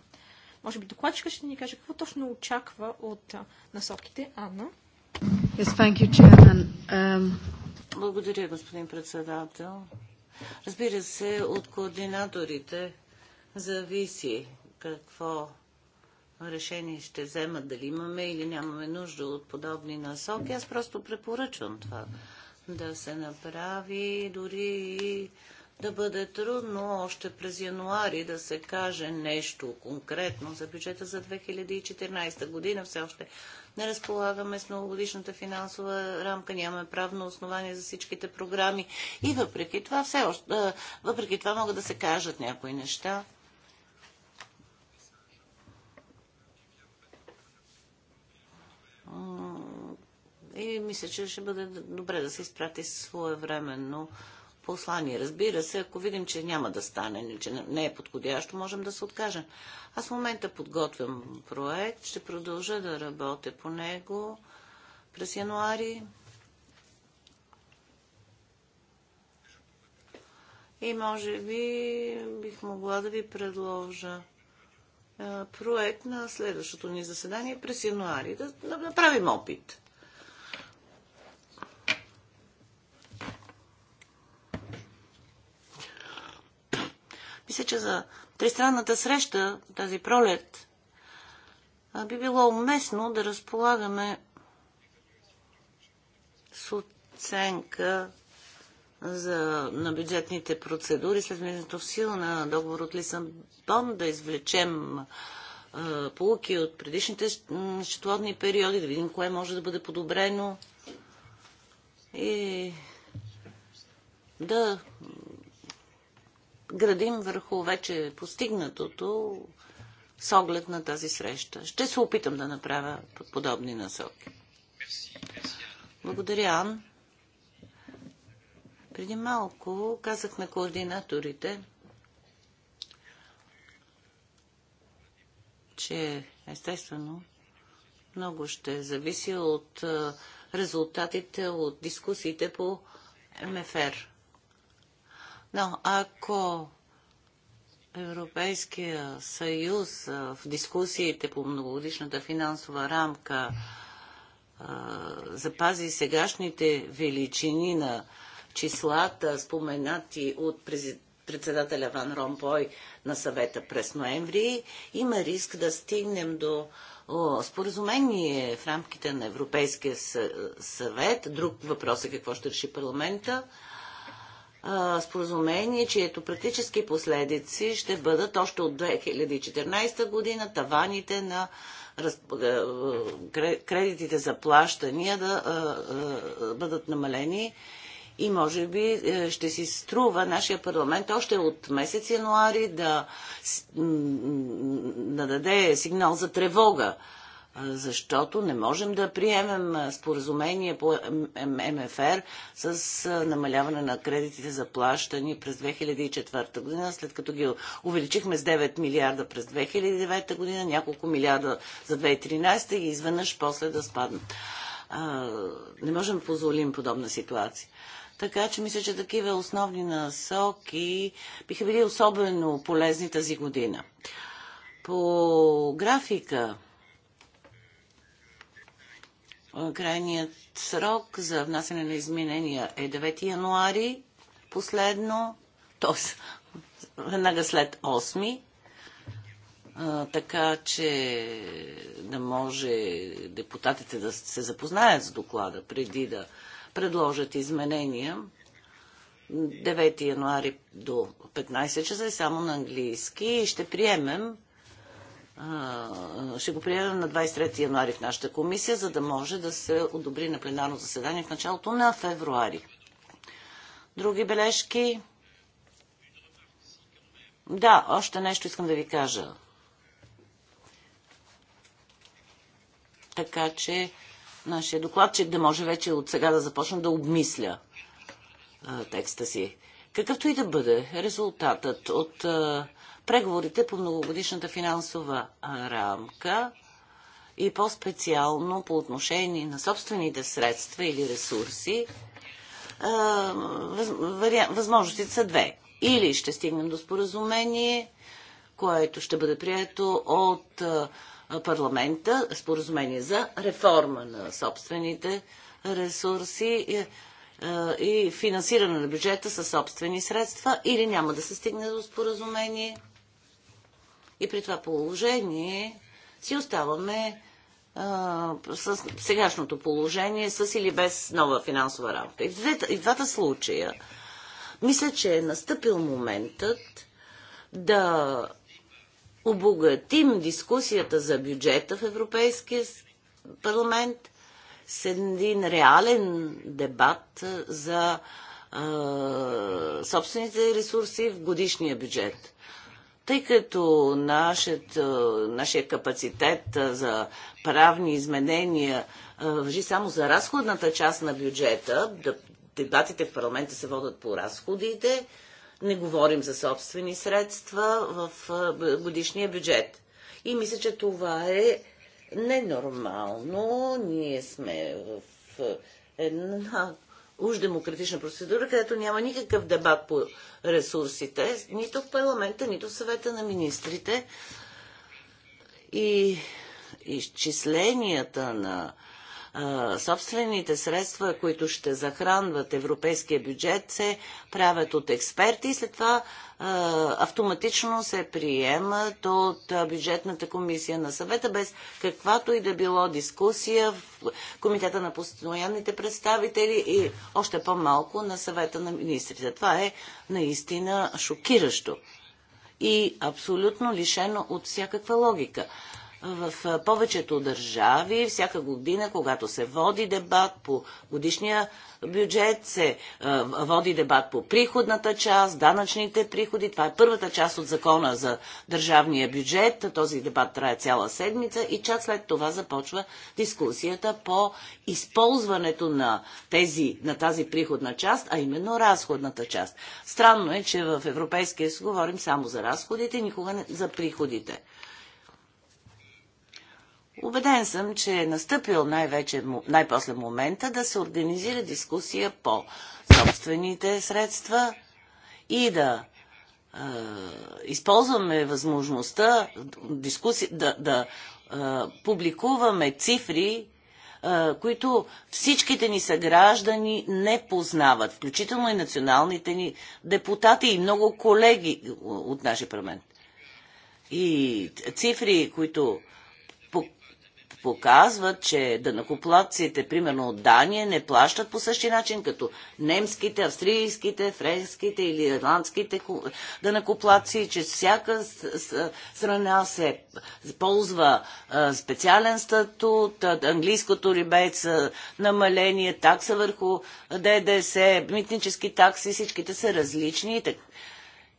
Може би докладчика ще ни каже какво точно очаква от насоките. Анна? Yes, thank you, Um... Благодаря, господин председател. Разбира се, от координаторите зависи какво решение ще вземат, дали имаме или нямаме нужда от подобни насоки. Аз просто препоръчвам това да се направи дори и да бъде трудно още през януари да се каже нещо конкретно за бюджета за 2014 година. Все още не разполагаме с многогодишната финансова рамка, нямаме правно основание за всичките програми и въпреки това, все още, въпреки това могат да се кажат някои неща. И мисля, че ще бъде добре да се изпрати своевременно послание. Разбира се, ако видим, че няма да стане, че не е подходящо, можем да се откажем. Аз в момента подготвям проект, ще продължа да работя по него през януари. И може би бих могла да ви предложа проект на следващото ни заседание през януари. Да, да направим опит. Мисля, че за тристранната среща тази пролет би било уместно да разполагаме с оценка за, на бюджетните процедури след влизането в сила на договор от Лисабон, да извлечем полуки от предишните счетоводни периоди, да видим кое може да бъде подобрено и да градим върху вече постигнатото с оглед на тази среща. Ще се опитам да направя подобни насоки. Благодаря, Ан. Преди малко казах на координаторите, че естествено много ще зависи от резултатите от дискусиите по МФР. Но ако Европейския съюз в дискусиите по многогодишната финансова рамка запази сегашните величини на числата, споменати от председателя Ван Ромпой на съвета през ноември, има риск да стигнем до споразумение в рамките на Европейския съвет. Друг въпрос е какво ще реши парламента споразумение, чието практически последици ще бъдат още от 2014 година таваните на кредитите за плащания да бъдат намалени и може би ще си струва нашия парламент още от месец януари да, да даде сигнал за тревога защото не можем да приемем споразумение по МФР с намаляване на кредитите за плащани през 2004 година, след като ги увеличихме с 9 милиарда през 2009 година, няколко милиарда за 2013 и изведнъж после да спаднат. Не можем да позволим подобна ситуация. Така че мисля, че такива основни насоки биха били особено полезни тази година. По графика е, крайният срок за внасяне на изменения е 9 януари, последно, т.е. веднага след 8 е, така че да може депутатите да се запознаят с доклада преди да предложат изменения. 9 януари до 15 часа е само на английски. и Ще приемем ще го приемем на 23 януари в нашата комисия, за да може да се одобри на пленарно заседание в началото на февруари. Други бележки? Да, още нещо искам да ви кажа. Така че нашия че да може вече от сега да започна да обмисля а, текста си. Какъвто и да бъде резултатът от а, преговорите по многогодишната финансова рамка и по-специално по отношение на собствените средства или ресурси, възможностите са две. Или ще стигнем до споразумение, което ще бъде прието от парламента, споразумение за реформа на собствените ресурси е, е, и финансиране на бюджета със собствени средства, или няма да се стигне до споразумение – и при това положение си оставаме а, с сегашното положение, с или без нова финансова рамка. И в двата, и в двата случая, мисля, че е настъпил моментът да обогатим дискусията за бюджета в Европейския парламент с един реален дебат за а, собствените ресурси в годишния бюджет. Тъй като нашият, е, нашия капацитет е, за правни изменения е, въжи само за разходната част на бюджета, дебатите в парламента се водят по разходите, не говорим за собствени средства в годишния бюджет. И мисля, че това е ненормално. Ние сме в една уж демократична процедура, където няма никакъв дебат по ресурсите, нито в парламента, нито в съвета на министрите. И изчисленията на собствените средства, които ще захранват европейския бюджет, се правят от експерти и след това автоматично се приемат от бюджетната комисия на съвета, без каквато и да било дискусия в комитета на постоянните представители и още по-малко на съвета на министрите. Това е наистина шокиращо и абсолютно лишено от всякаква логика в повечето държави всяка година, когато се води дебат по годишния бюджет, се води дебат по приходната част, данъчните приходи. Това е първата част от закона за държавния бюджет. Този дебат трае цяла седмица и чак след това започва дискусията по използването на, тези, на тази приходна част, а именно разходната част. Странно е, че в Европейския съюз говорим само за разходите, никога не за приходите. Убеден съм, че е настъпил най-вече, най-после момента да се организира дискусия по собствените средства и да е, използваме възможността дискуси, да, да е, публикуваме цифри, е, които всичките ни съграждани не познават, включително и националните ни депутати и много колеги от нашия парламент. И цифри, които показват, че дънакоплаците, примерно от Дания, не плащат по същия начин, като немските, австрийските, френските или ирландските дънакоплаци, че всяка страна се ползва специален статут, английското рибец, намаление, такса върху ДДС, митнически такси, всичките са различни и така.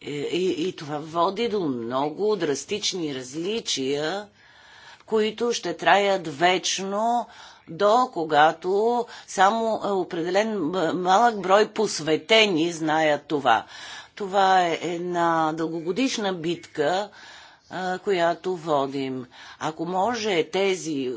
И, и това води до много драстични различия които ще траят вечно до когато само е, определен малък брой посветени знаят това. Това е една дългогодишна битка, е, която водим. Ако може тези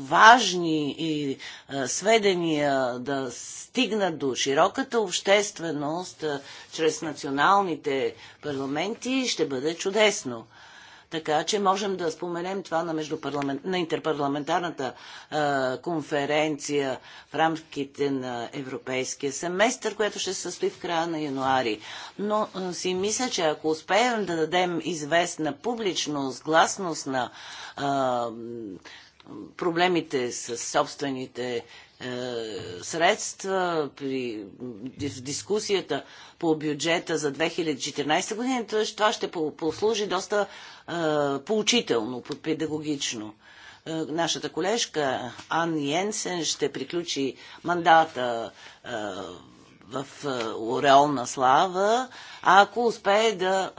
важни и е, сведения да стигнат до широката общественост чрез националните парламенти, ще бъде чудесно. Така че можем да споменем това на, междупарламент... на интерпарламентарната а, конференция в рамките на Европейския семестър, което ще се състои в края на януари. Но а, си мисля, че ако успеем да дадем известна публичност, гласност на а, проблемите с собствените е, средства при дискусията по бюджета за 2014 година, това ще послужи доста е, поучително, педагогично. Е, нашата колежка Ан Йенсен ще приключи мандата в Ореол на слава, а ако успее да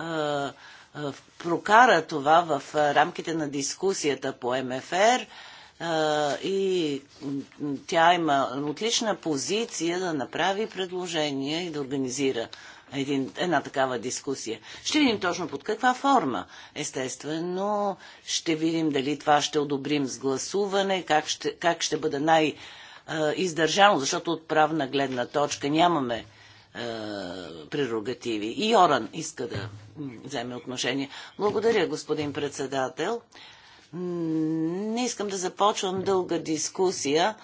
прокара това в рамките на дискусията по МФР, и тя има отлична позиция да направи предложения и да организира един, една такава дискусия. Ще видим точно под каква форма. Естествено, ще видим дали това ще одобрим с гласуване, как ще, как ще бъде най-издържано, защото от правна гледна точка нямаме е, прерогативи. И Оран иска да вземе отношение. Благодаря, господин председател. Не искам да започвам дълга дискусия,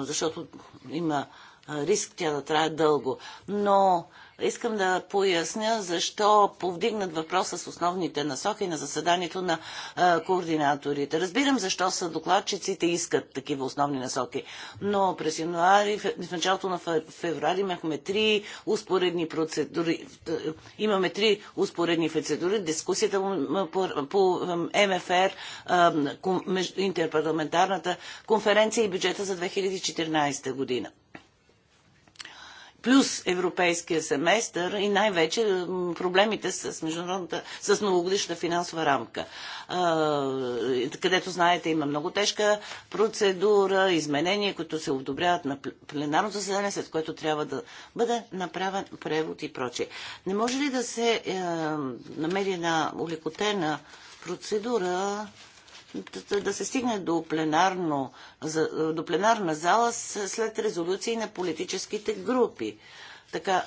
защото има риск тя да трае дълго. Но Искам да поясня защо повдигнат въпроса с основните насоки на заседанието на а, координаторите. Разбирам защо са докладчиците искат такива основни насоки, но през януари, в началото на февруари имахме три успоредни процедури. Е, имаме три успоредни процедури. Дискусията по, по МФР, а, интерпарламентарната конференция и бюджета за 2014 година плюс европейския семестър и най-вече проблемите с международната, с новогодишна финансова рамка. Където, знаете, има много тежка процедура, изменения, които се одобряват на пленарното заседание, след което трябва да бъде направен превод и прочее. Не може ли да се е, намери една улекотена процедура да се стигне до, пленарно, до пленарна зала след резолюции на политическите групи. Така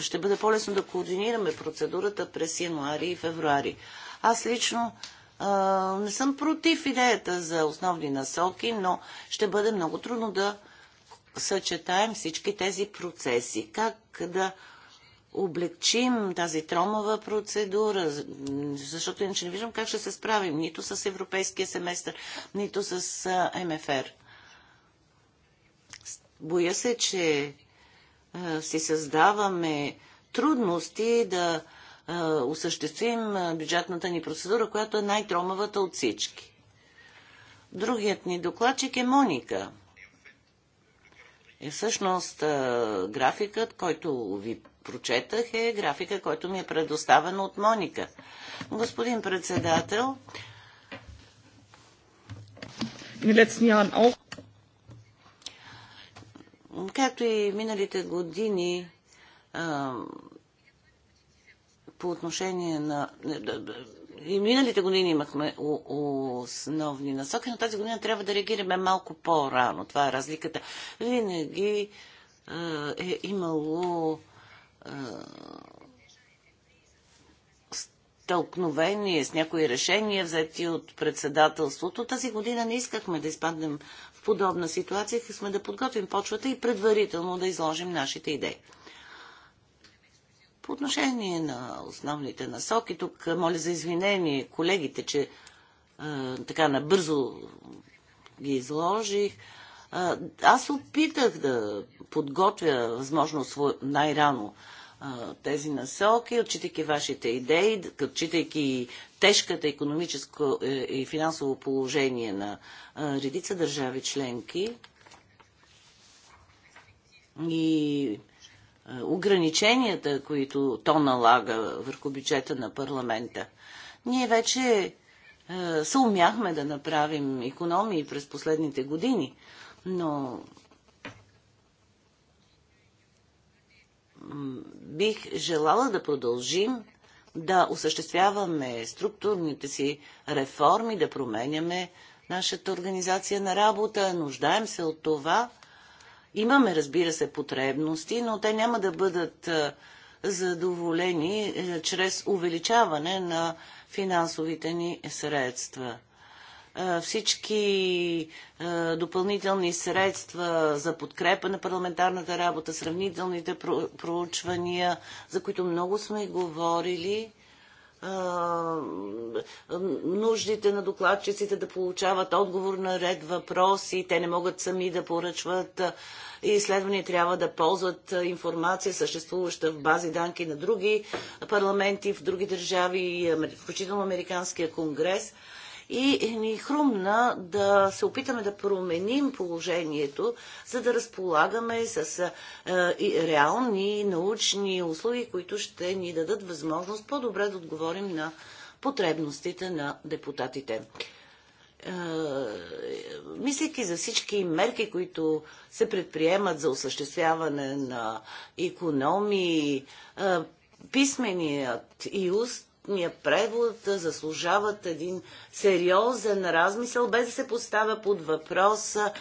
ще бъде по-лесно да координираме процедурата през януари и февруари. Аз лично не съм против идеята за основни насоки, но ще бъде много трудно да съчетаем всички тези процеси. Как да облегчим тази тромава процедура, защото иначе не виждам как ще се справим нито с европейския семестър, нито с МФР. Боя се, че си създаваме трудности да осъществим бюджетната ни процедура, която е най-тромавата от всички. Другият ни докладчик е Моника. И е, всъщност графикът, който ви прочетах, е графика, който ми е предоставен от Моника. Господин председател, Както и миналите години, по отношение на... И миналите години имахме основни насоки, но тази година трябва да реагираме малко по-рано. Това е разликата. Винаги е имало стълкновение с някои решения, взети от председателството. Тази година не искахме да изпаднем в подобна ситуация, сме да подготвим почвата и предварително да изложим нашите идеи. По отношение на основните насоки, тук моля за извинение колегите, че е, така набързо ги изложих. Е, аз опитах да подготвя възможно най-рано тези насоки, отчитайки вашите идеи, отчитайки тежката економическо е, и финансово положение на редица държави членки и ограниченията, които то налага върху бюджета на парламента. Ние вече е, съумяхме да направим економии през последните години, но бих желала да продължим да осъществяваме структурните си реформи, да променяме нашата организация на работа. Нуждаем се от това. Имаме, разбира се, потребности, но те няма да бъдат задоволени чрез увеличаване на финансовите ни средства всички допълнителни средства за подкрепа на парламентарната работа, сравнителните проучвания, за които много сме говорили, нуждите на докладчиците да получават отговор на ред въпроси, те не могат сами да поръчват изследвания, трябва да ползват информация, съществуваща в бази данки на други парламенти в други държави, включително Американския конгрес – и ни хрумна да се опитаме да променим положението, за да разполагаме с реални научни услуги, които ще ни дадат възможност по-добре да отговорим на потребностите на депутатите мислейки за всички мерки, които се предприемат за осъществяване на економии, писменият и уст бесплатния превод заслужават един сериозен размисъл, без да се поставя под въпроса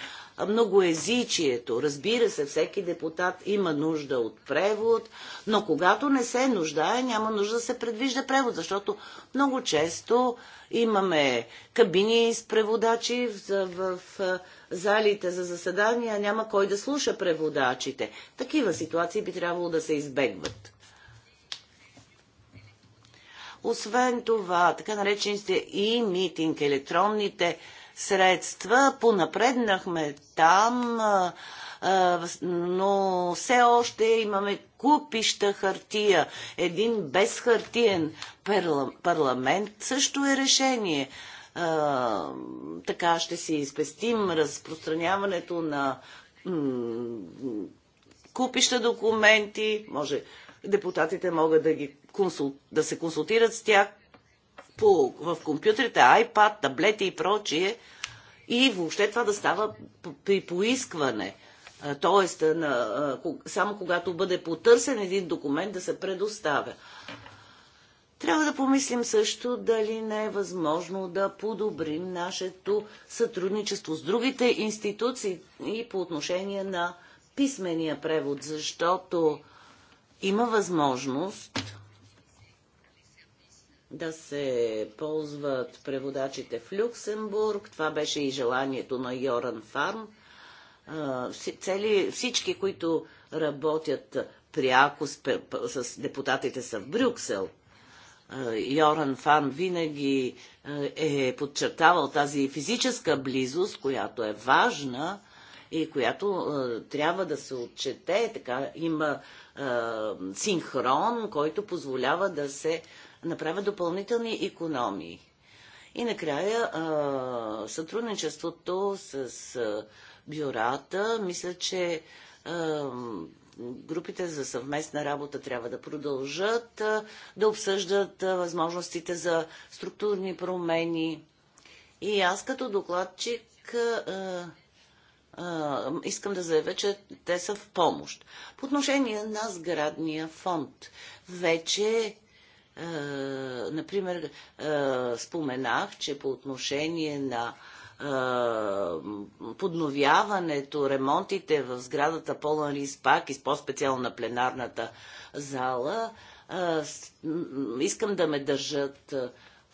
многоезичието. Разбира се, всеки депутат има нужда от превод, но когато не се нуждае, няма нужда да се предвижда превод, защото много често имаме кабини с преводачи в, в, в залите за заседания, няма кой да слуша преводачите. Такива ситуации би трябвало да се избегват. Освен това, така наречените и митинг, електронните средства, понапреднахме там, но все още имаме купища хартия. Един безхартиен парламент също е решение. Така ще си изпестим разпространяването на купища документи, може Депутатите могат да, ги консул... да се консултират с тях по... в компютрите, iPad, таблети и прочие. И въобще това да става при поискване. Тоест, на... само когато бъде потърсен един документ да се предоставя. Трябва да помислим също дали не е възможно да подобрим нашето сътрудничество с другите институции и по отношение на писмения превод, защото има възможност да се ползват преводачите в Люксембург. Това беше и желанието на Йоран Фарм. Цели, всички, които работят пряко с, с депутатите са в Брюксел. Йоран Фан винаги е подчертавал тази физическа близост, която е важна и която трябва да се отчете. Така има е, синхрон, който позволява да се направят допълнителни економии. И накрая е, сътрудничеството с е, бюрата, мисля, че групите за съвместна работа трябва да продължат да обсъждат възможностите за структурни промени. И аз като докладчик искам да заявя, че те са в помощ. По отношение на сградния фонд, вече а, е, например а, е, споменах, че по отношение на е, подновяването, ремонтите в сградата Полън Пак и по-специално на пленарната зала, искам да ме държат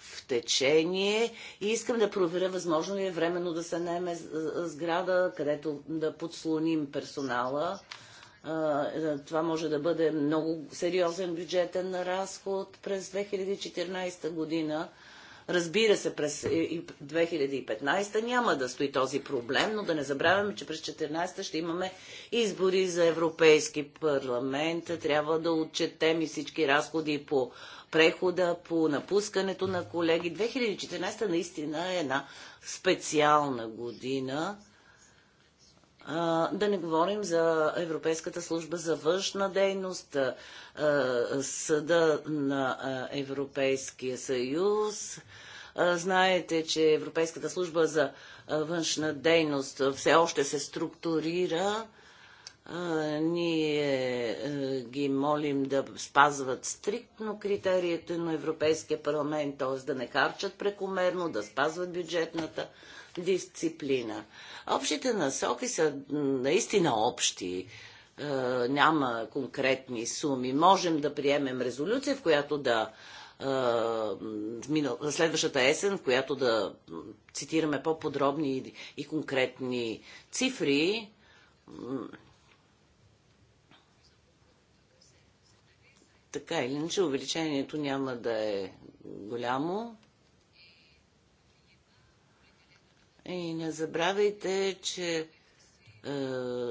в течение и искам да проверя възможно ли е временно да се наеме сграда, където да подслоним персонала. Е, това може да бъде много сериозен бюджетен разход през 2014 година. Разбира се, през 2015 няма да стои този проблем, но да не забравяме, че през 2014 ще имаме избори за Европейски парламент. Трябва да отчетем и всички разходи по прехода, по напускането на колеги. 2014 наистина е една специална година. А, да не говорим за Европейската служба за външна дейност, а, съда на Европейския съюз. А, знаете, че Европейската служба за външна дейност все още се структурира ние е, ги молим да спазват стриктно критериите на Европейския парламент, т.е. да не харчат прекомерно, да спазват бюджетната дисциплина. Общите насоки са наистина общи. Е, няма конкретни суми. Можем да приемем резолюция, в която да в е, следващата есен, в която да цитираме по-подробни и конкретни цифри, Така или иначе, увеличението няма да е голямо. И не забравяйте, че е,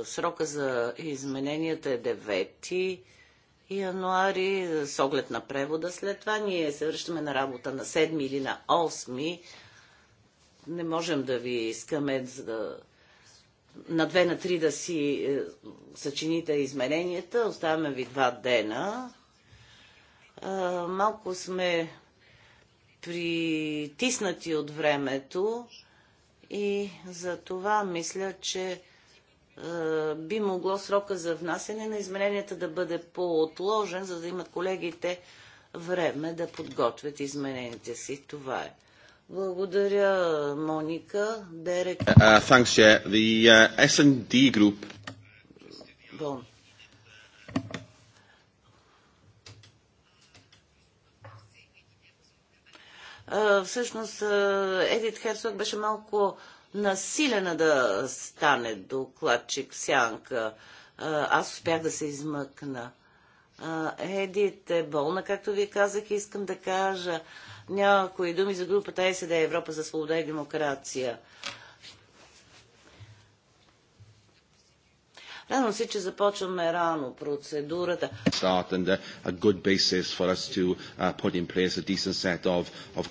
срока за измененията е 9 януари, е, с оглед на превода. След това ние се връщаме на работа на 7 или на 8. Не можем да ви искаме да е, на две на три да си е, съчините измененията. Оставяме ви два дена малко сме притиснати от времето и за това мисля, че би могло срока за внасене на измененията да бъде по-отложен, за да имат колегите време да подготвят измененията си. Това е. Благодаря, Моника. Дерек. Uh, thanks, yeah. The uh, S&D group. Всъщност Едит Херцог беше малко насилена да стане докладчик в сянка. Аз успях да се измъкна. Едит е болна, както ви казах, и искам да кажа някои думи за групата ЕСД Европа за свобода и демокрация. Радвам се, че започваме рано процедурата. Start and uh, a good basis for us to uh, put in place a decent set of, of...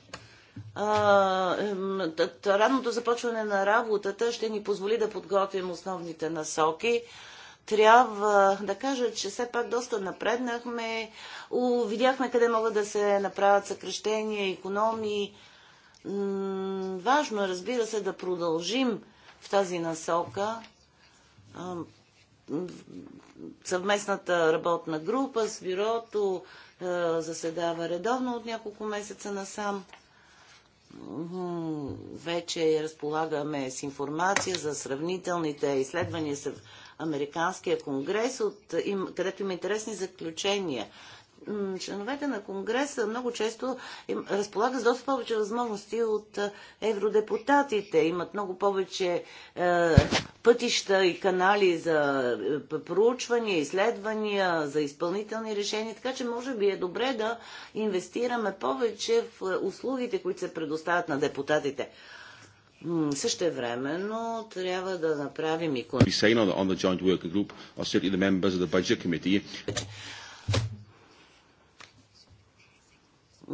започване на работата ще ни позволи да подготвим основните насоки трябва да кажа, че все пак доста напреднахме. Видяхме къде могат да се направят съкрещения, економии. Важно е, разбира се, да продължим в тази насока съвместната работна група с бюрото е, заседава редовно от няколко месеца насам. Вече разполагаме с информация за сравнителните изследвания с Американския конгрес, от, където има интересни заключения членовете на Конгреса много често им, разполага с доста повече възможности от евродепутатите. Имат много повече е, пътища и канали за е, проучвания, изследвания, за изпълнителни решения. Така че може би е добре да инвестираме повече в е, услугите, които се предоставят на депутатите. Също време, но трябва да направим и...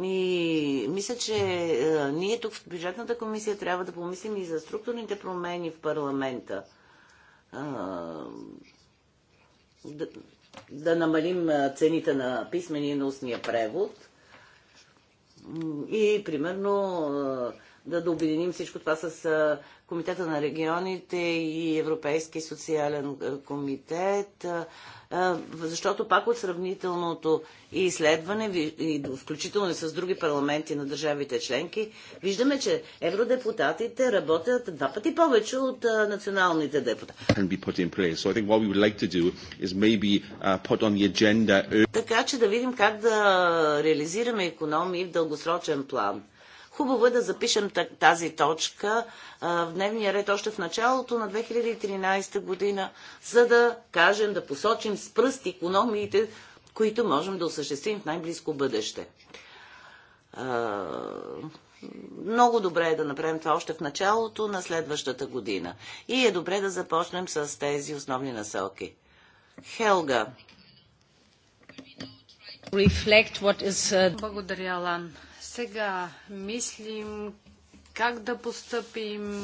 И мисля, че е, ние тук в бюджетната комисия трябва да помислим и за структурните промени в парламента. да, да намалим цените на писмения и на устния превод. И, примерно, да, да обединим всичко това с Комитета на регионите и Европейски социален комитет, защото пак от сравнителното изследване, и включително и с други парламенти на държавите членки, виждаме, че евродепутатите работят два пъти повече от националните депутати. So like uh, Така че да видим как да реализираме економии в дългосрочен план. Хубаво е да запишем тази точка в дневния ред още в началото на 2013 година, за да кажем, да посочим с пръст економиите, които можем да осъществим в най-близко бъдеще. Много добре е да направим това още в началото на следващата година. И е добре да започнем с тези основни насоки. Хелга. Is... Uh, Благодаря, Алан. Сега мислим как да постъпим,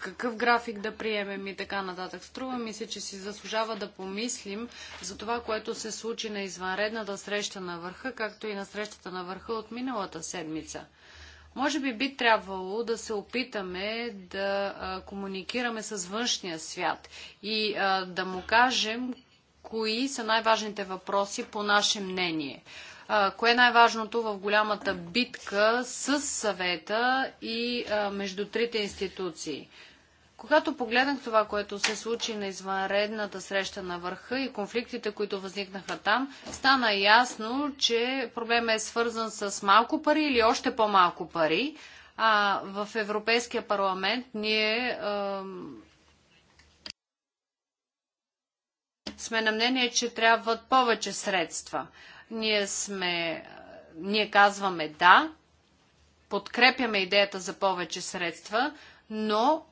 какъв график да приемем и така нататък. Струва ми се, че си заслужава да помислим за това, което се случи на извънредната среща на върха, както и на срещата на върха от миналата седмица. Може би би трябвало да се опитаме да а, комуникираме с външния свят и а, да му кажем кои са най-важните въпроси по наше мнение кое е най-важното в голямата битка с съвета и между трите институции. Когато погледнах това, което се случи на извънредната среща на върха и конфликтите, които възникнаха там, стана ясно, че проблемът е свързан с малко пари или още по-малко пари. А в Европейския парламент ние а, сме на мнение, че трябват повече средства. Ние, сме, ние казваме да, подкрепяме идеята за повече средства, но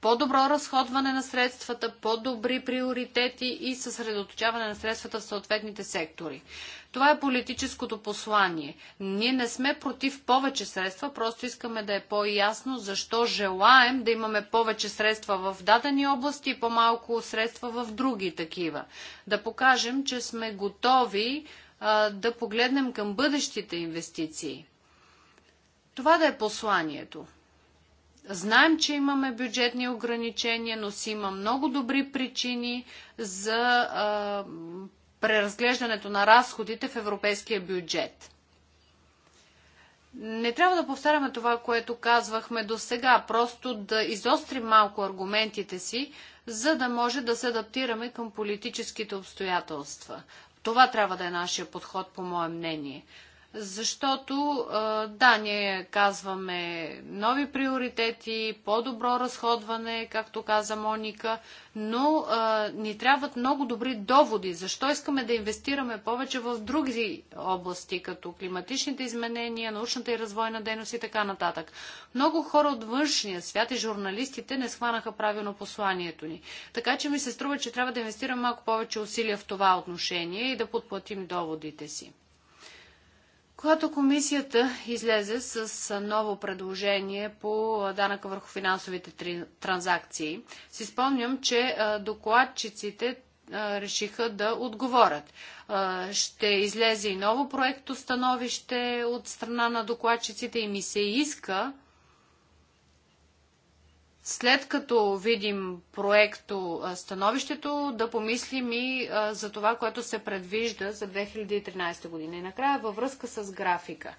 по-добро разходване на средствата, по-добри приоритети и съсредоточаване на средствата в съответните сектори. Това е политическото послание. Ние не сме против повече средства, просто искаме да е по-ясно защо желаем да имаме повече средства в дадени области и по-малко средства в други такива. Да покажем, че сме готови да погледнем към бъдещите инвестиции. Това да е посланието. Знаем, че имаме бюджетни ограничения, но си има много добри причини за а, преразглеждането на разходите в европейския бюджет. Не трябва да повтаряме това, което казвахме до сега, просто да изострим малко аргументите си, за да може да се адаптираме към политическите обстоятелства. Това трябва да е нашия подход, по мое мнение защото да, ние казваме нови приоритети, по-добро разходване, както каза Моника, но а, ни трябват много добри доводи. Защо искаме да инвестираме повече в други области, като климатичните изменения, научната и развойна дейност и така нататък. Много хора от външния свят и журналистите не схванаха правилно посланието ни. Така че ми се струва, че трябва да инвестираме малко повече усилия в това отношение и да подплатим доводите си. Когато комисията излезе с ново предложение по данъка върху финансовите транзакции, си спомням, че докладчиците решиха да отговорят. Ще излезе и ново проекто становище от страна на докладчиците и ми се иска след като видим проекто становището, да помислим и за това, което се предвижда за 2013 година. И накрая във връзка с графика.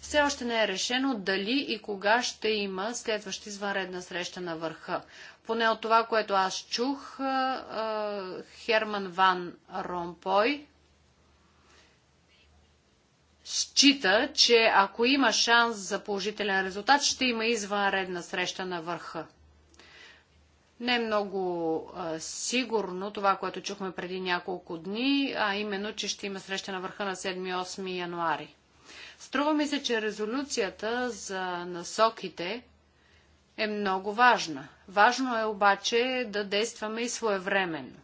Все още не е решено дали и кога ще има следваща извънредна среща на върха. Поне от това, което аз чух, Херман Ван Ромпой, счита, че ако има шанс за положителен резултат, ще има извънредна среща на върха не е много а, сигурно това, което чухме преди няколко дни, а именно, че ще има среща на върха на 7-8 януари. Струва ми се, че резолюцията за насоките е много важна. Важно е обаче да действаме и своевременно.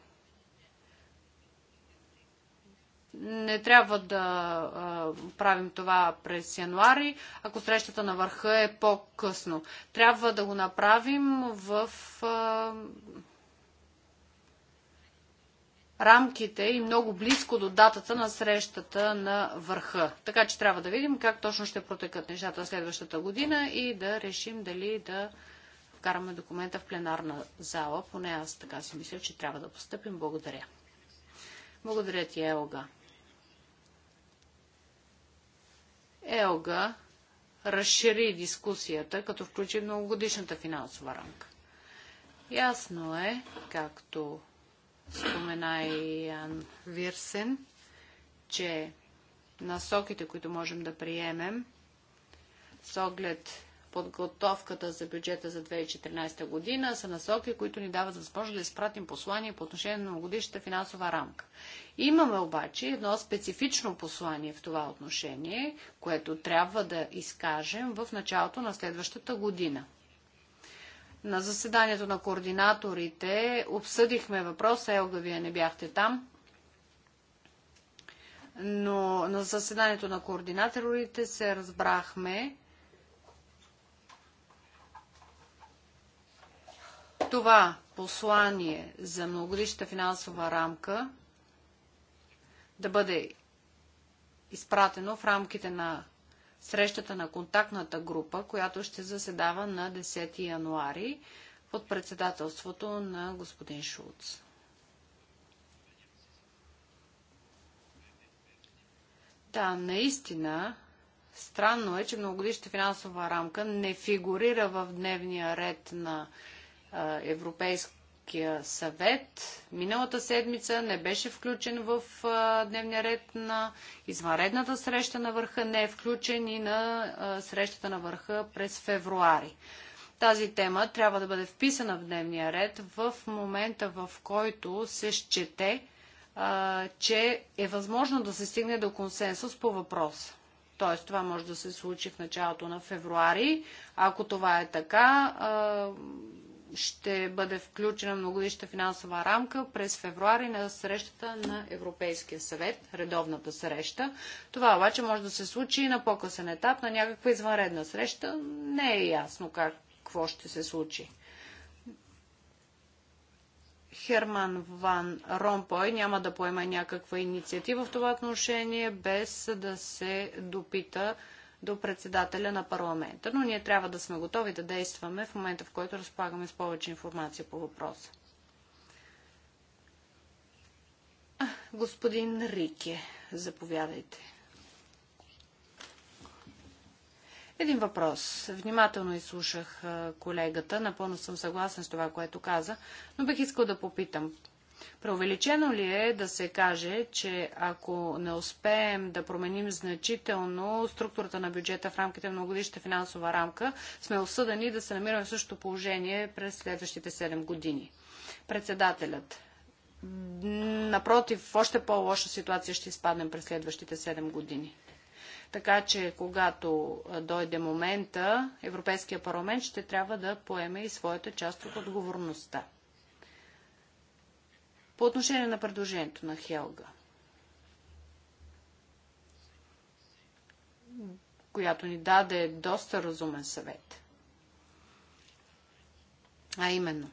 не трябва да а, правим това през януари, ако срещата на върха е по-късно. Трябва да го направим в а, рамките и много близко до датата на срещата на върха. Така че трябва да видим как точно ще протекат нещата следващата година и да решим дали да вкараме документа в пленарна зала. Поне аз така си мисля, че трябва да постъпим. Благодаря. Благодаря ти, Елга. Елга разшири дискусията, като включи многогодишната финансова рамка. Ясно е, както спомена и Ян Вирсен, че насоките, които можем да приемем, с оглед подготовката за бюджета за 2014 година са насоки, които ни дават възможност да изпратим послание по отношение на годишната финансова рамка. Имаме обаче едно специфично послание в това отношение, което трябва да изкажем в началото на следващата година. На заседанието на координаторите обсъдихме въпроса, Елга, вие не бяхте там, но на заседанието на координаторите се разбрахме, това послание за многогодишната финансова рамка да бъде изпратено в рамките на срещата на контактната група, която ще заседава на 10 януари под председателството на господин Шулц. Да, наистина, странно е, че многогодишната финансова рамка не фигурира в дневния ред на Европейския съвет миналата седмица не беше включен в дневния ред на извънредната среща на върха, не е включен и на срещата на върха през февруари. Тази тема трябва да бъде вписана в дневния ред в момента, в който се счете, че е възможно да се стигне до консенсус по въпроса. Т.е. това може да се случи в началото на февруари. Ако това е така, ще бъде включена многогодишната финансова рамка през февруари на срещата на Европейския съвет, редовната среща. Това обаче може да се случи и на по-късен етап, на някаква извънредна среща. Не е ясно как, какво ще се случи. Херман Ван Ромпой няма да поема някаква инициатива в това отношение, без да се допита до председателя на парламента. Но ние трябва да сме готови да действаме в момента, в който разполагаме с повече информация по въпроса. Господин Рике, заповядайте. Един въпрос. Внимателно изслушах колегата. Напълно съм съгласен с това, което каза, но бих искал да попитам. Преувеличено ли е да се каже, че ако не успеем да променим значително структурата на бюджета в рамките на многогодишната финансова рамка, сме осъдани да се намираме в същото положение през следващите 7 години? Председателят. Напротив, в още по-лоша ситуация ще изпаднем през следващите 7 години. Така че, когато дойде момента, Европейския парламент ще трябва да поеме и своята част от отговорността. По отношение на предложението на Хелга, която ни даде доста разумен съвет. А именно,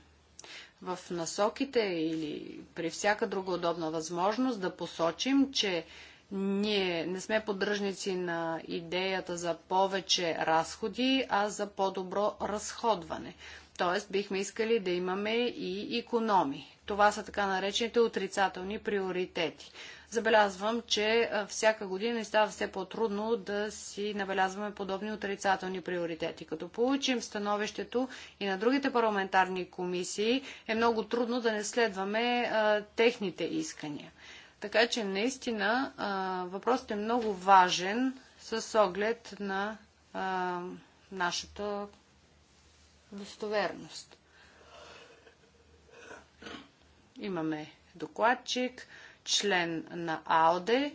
в насоките или при всяка друга удобна възможност да посочим, че ние не сме поддръжници на идеята за повече разходи, а за по-добро разходване. Тоест бихме искали да имаме и економи. Това са така наречените отрицателни приоритети. Забелязвам, че всяка година става все по-трудно да си набелязваме подобни отрицателни приоритети. Като получим становището и на другите парламентарни комисии, е много трудно да не следваме а, техните искания. Така че наистина а, въпросът е много важен с оглед на а, нашата достоверност. Имаме докладчик, член на АОДЕ.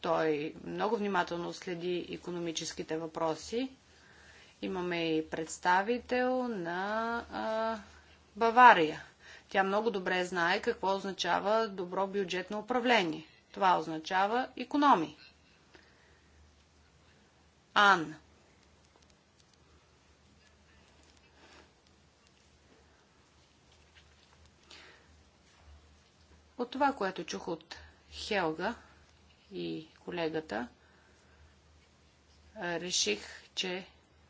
Той много внимателно следи економическите въпроси. Имаме и представител на а, Бавария. Тя много добре знае какво означава добро бюджетно управление. Това означава економи. Ан От това, което чух от Хелга и колегата, реших, че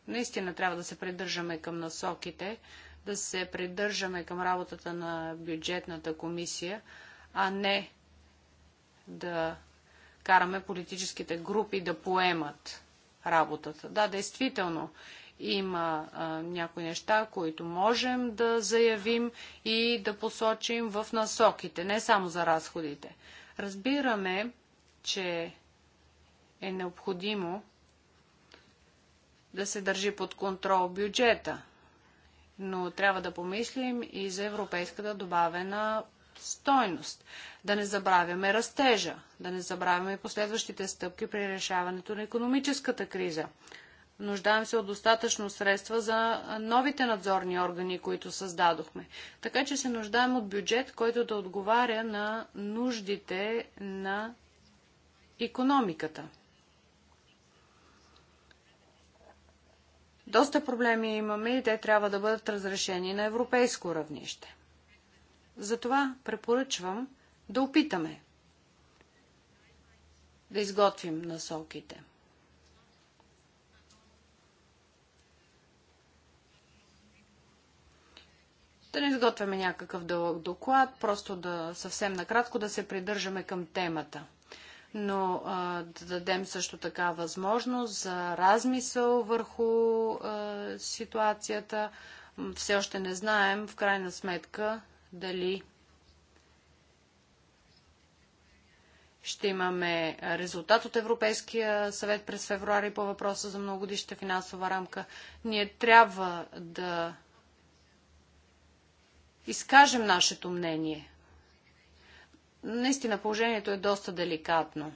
наистина трябва да се придържаме към насоките, да се придържаме към работата на бюджетната комисия, а не да караме политическите групи да поемат работата. Да, действително, има а, някои неща, които можем да заявим и да посочим в насоките, не само за разходите. Разбираме, че е необходимо да се държи под контрол бюджета, но трябва да помислим и за европейската добавена стойност. Да не забравяме растежа, да не забравяме последващите стъпки при решаването на економическата криза. Нуждаем се от достатъчно средства за новите надзорни органи, които създадохме. Така че се нуждаем от бюджет, който да отговаря на нуждите на економиката. Доста проблеми имаме и те трябва да бъдат разрешени на европейско равнище. Затова препоръчвам да опитаме да изготвим насоките – да не изготвяме някакъв дълъг доклад, просто да съвсем накратко да се придържаме към темата. Но а, да дадем също така възможност за размисъл върху а, ситуацията. Все още не знаем в крайна сметка дали ще имаме резултат от Европейския съвет през февруари по въпроса за многодишната финансова рамка. Ние трябва да изкажем нашето мнение. Наистина положението е доста деликатно.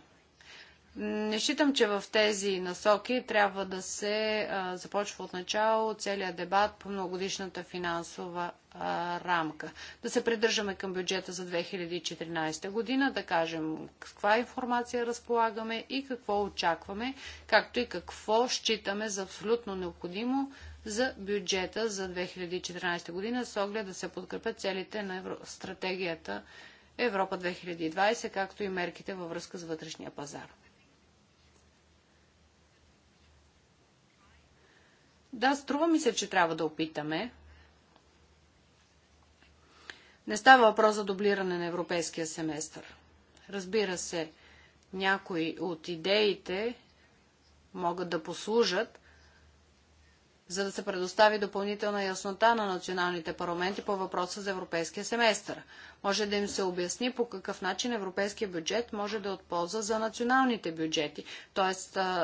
Не считам, че в тези насоки трябва да се а, започва от начало целият дебат по многогодишната финансова а, рамка. Да се придържаме към бюджета за 2014 година, да кажем каква информация разполагаме и какво очакваме, както и какво считаме за абсолютно необходимо за бюджета за 2014 година с оглед да се подкрепят целите на Евро... стратегията Европа 2020, както и мерките във връзка с вътрешния пазар. Да, струва ми се, че трябва да опитаме. Не става въпрос за дублиране на европейския семестър. Разбира се, някои от идеите могат да послужат за да се предостави допълнителна яснота на националните парламенти по въпроса за европейския семестър. Може да им се обясни по какъв начин европейския бюджет може да е от полза за националните бюджети, т.е.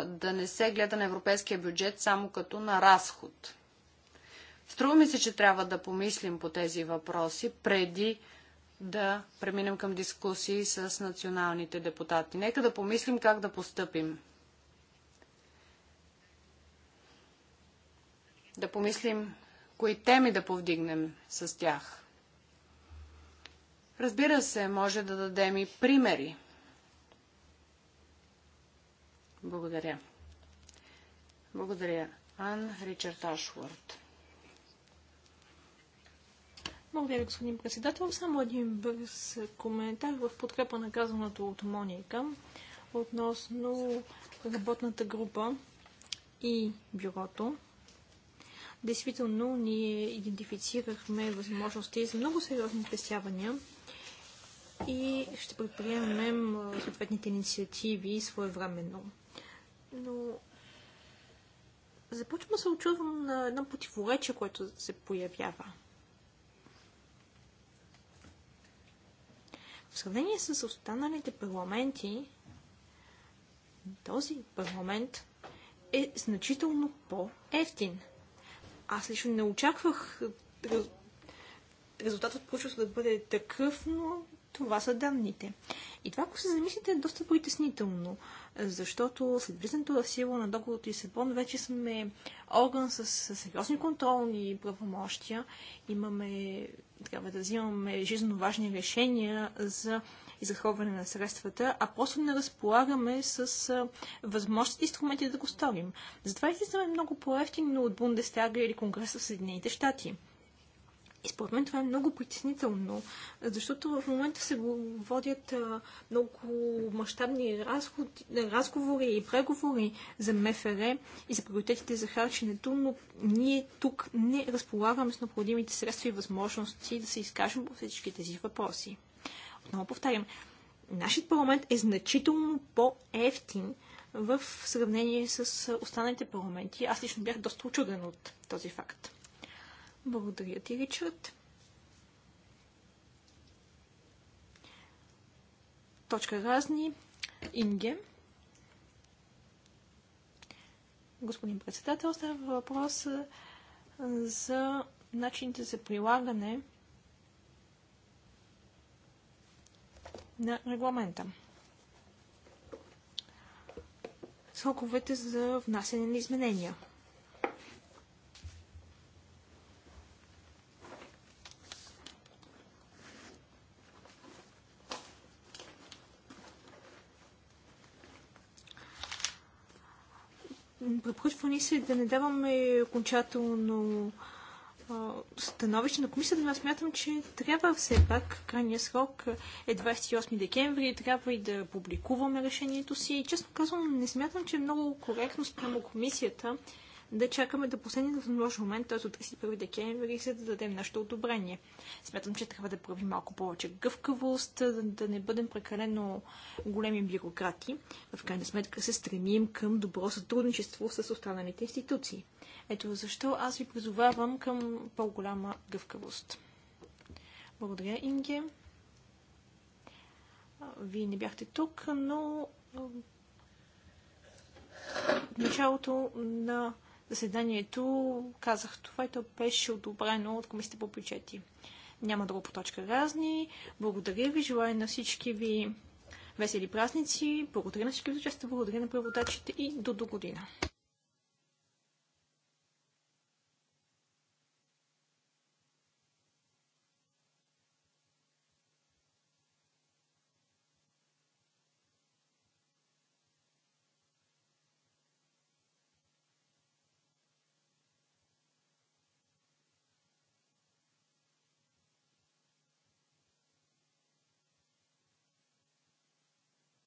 да не се гледа на европейския бюджет само като на разход. Струва ми се, че трябва да помислим по тези въпроси преди да преминем към дискусии с националните депутати. Нека да помислим как да постъпим. да помислим кои теми да повдигнем с тях. Разбира се, може да дадем и примери. Благодаря. Благодаря. Ан Ричард Ашворд. Благодаря, господин председател. Само един бърз коментар в подкрепа на казаното от Моника относно работната група и бюрото. Действително, ние идентифицирахме възможности за много сериозни спестявания и ще предприемем съответните инициативи своевременно. Но започвам да се очудвам на едно противоречие, което се появява. В сравнение с останалите парламенти, този парламент е значително по-ефтин – аз лично не очаквах е, резултатът от проучването да бъде такъв, но това са данните. И това, ако се замислите, е доста притеснително, защото след влизането в сила на договор от Лисабон вече сме орган с, с сериозни контролни правомощия. Имаме, трябва да взимаме жизненно важни решения за изразходване на средствата, а просто не разполагаме с възможности и инструменти да го сторим. Затова излизаме много по-ефтино от Бундестага или Конгреса в Съединените щати. И според мен това е много притеснително, защото в момента се водят много мащабни разговори и преговори за МФР и за приоритетите за харченето, но ние тук не разполагаме с необходимите средства и възможности да се изкажем по всички тези въпроси. Много повтарям, нашият парламент е значително по-ефтин в сравнение с останалите парламенти. Аз лично бях доста очуден от този факт. Благодаря ти, Ричард. Точка разни. Инге. Господин председател, става въпрос за начините за прилагане на регламента. Сроковете за внасяне на изменения. Препоръчва ни се да не даваме окончателно становище на комисията, но аз смятам, че трябва все пак, крайния срок е 28 декември, трябва и да публикуваме решението си. И честно казвам, не смятам, че е много коректно спрямо комисията да чакаме до последния възможен момент, т.е. от 31 декември, за да дадем нашето одобрение. Смятам, че трябва да правим малко повече гъвкавост, да, да не бъдем прекалено големи бюрократи. В крайна сметка се стремим към добро сътрудничество с останалите институции. Ето защо аз ви призовавам към по-голяма гъвкавост. Благодаря, Инге. Вие не бяхте тук, но в началото на заседанието казах това и то беше одобрено от Комисията по бюджети. Няма друго по точка разни. Благодаря ви, желая на всички ви весели празници, благодаря на всички за участие, благодаря на преводачите и до до година.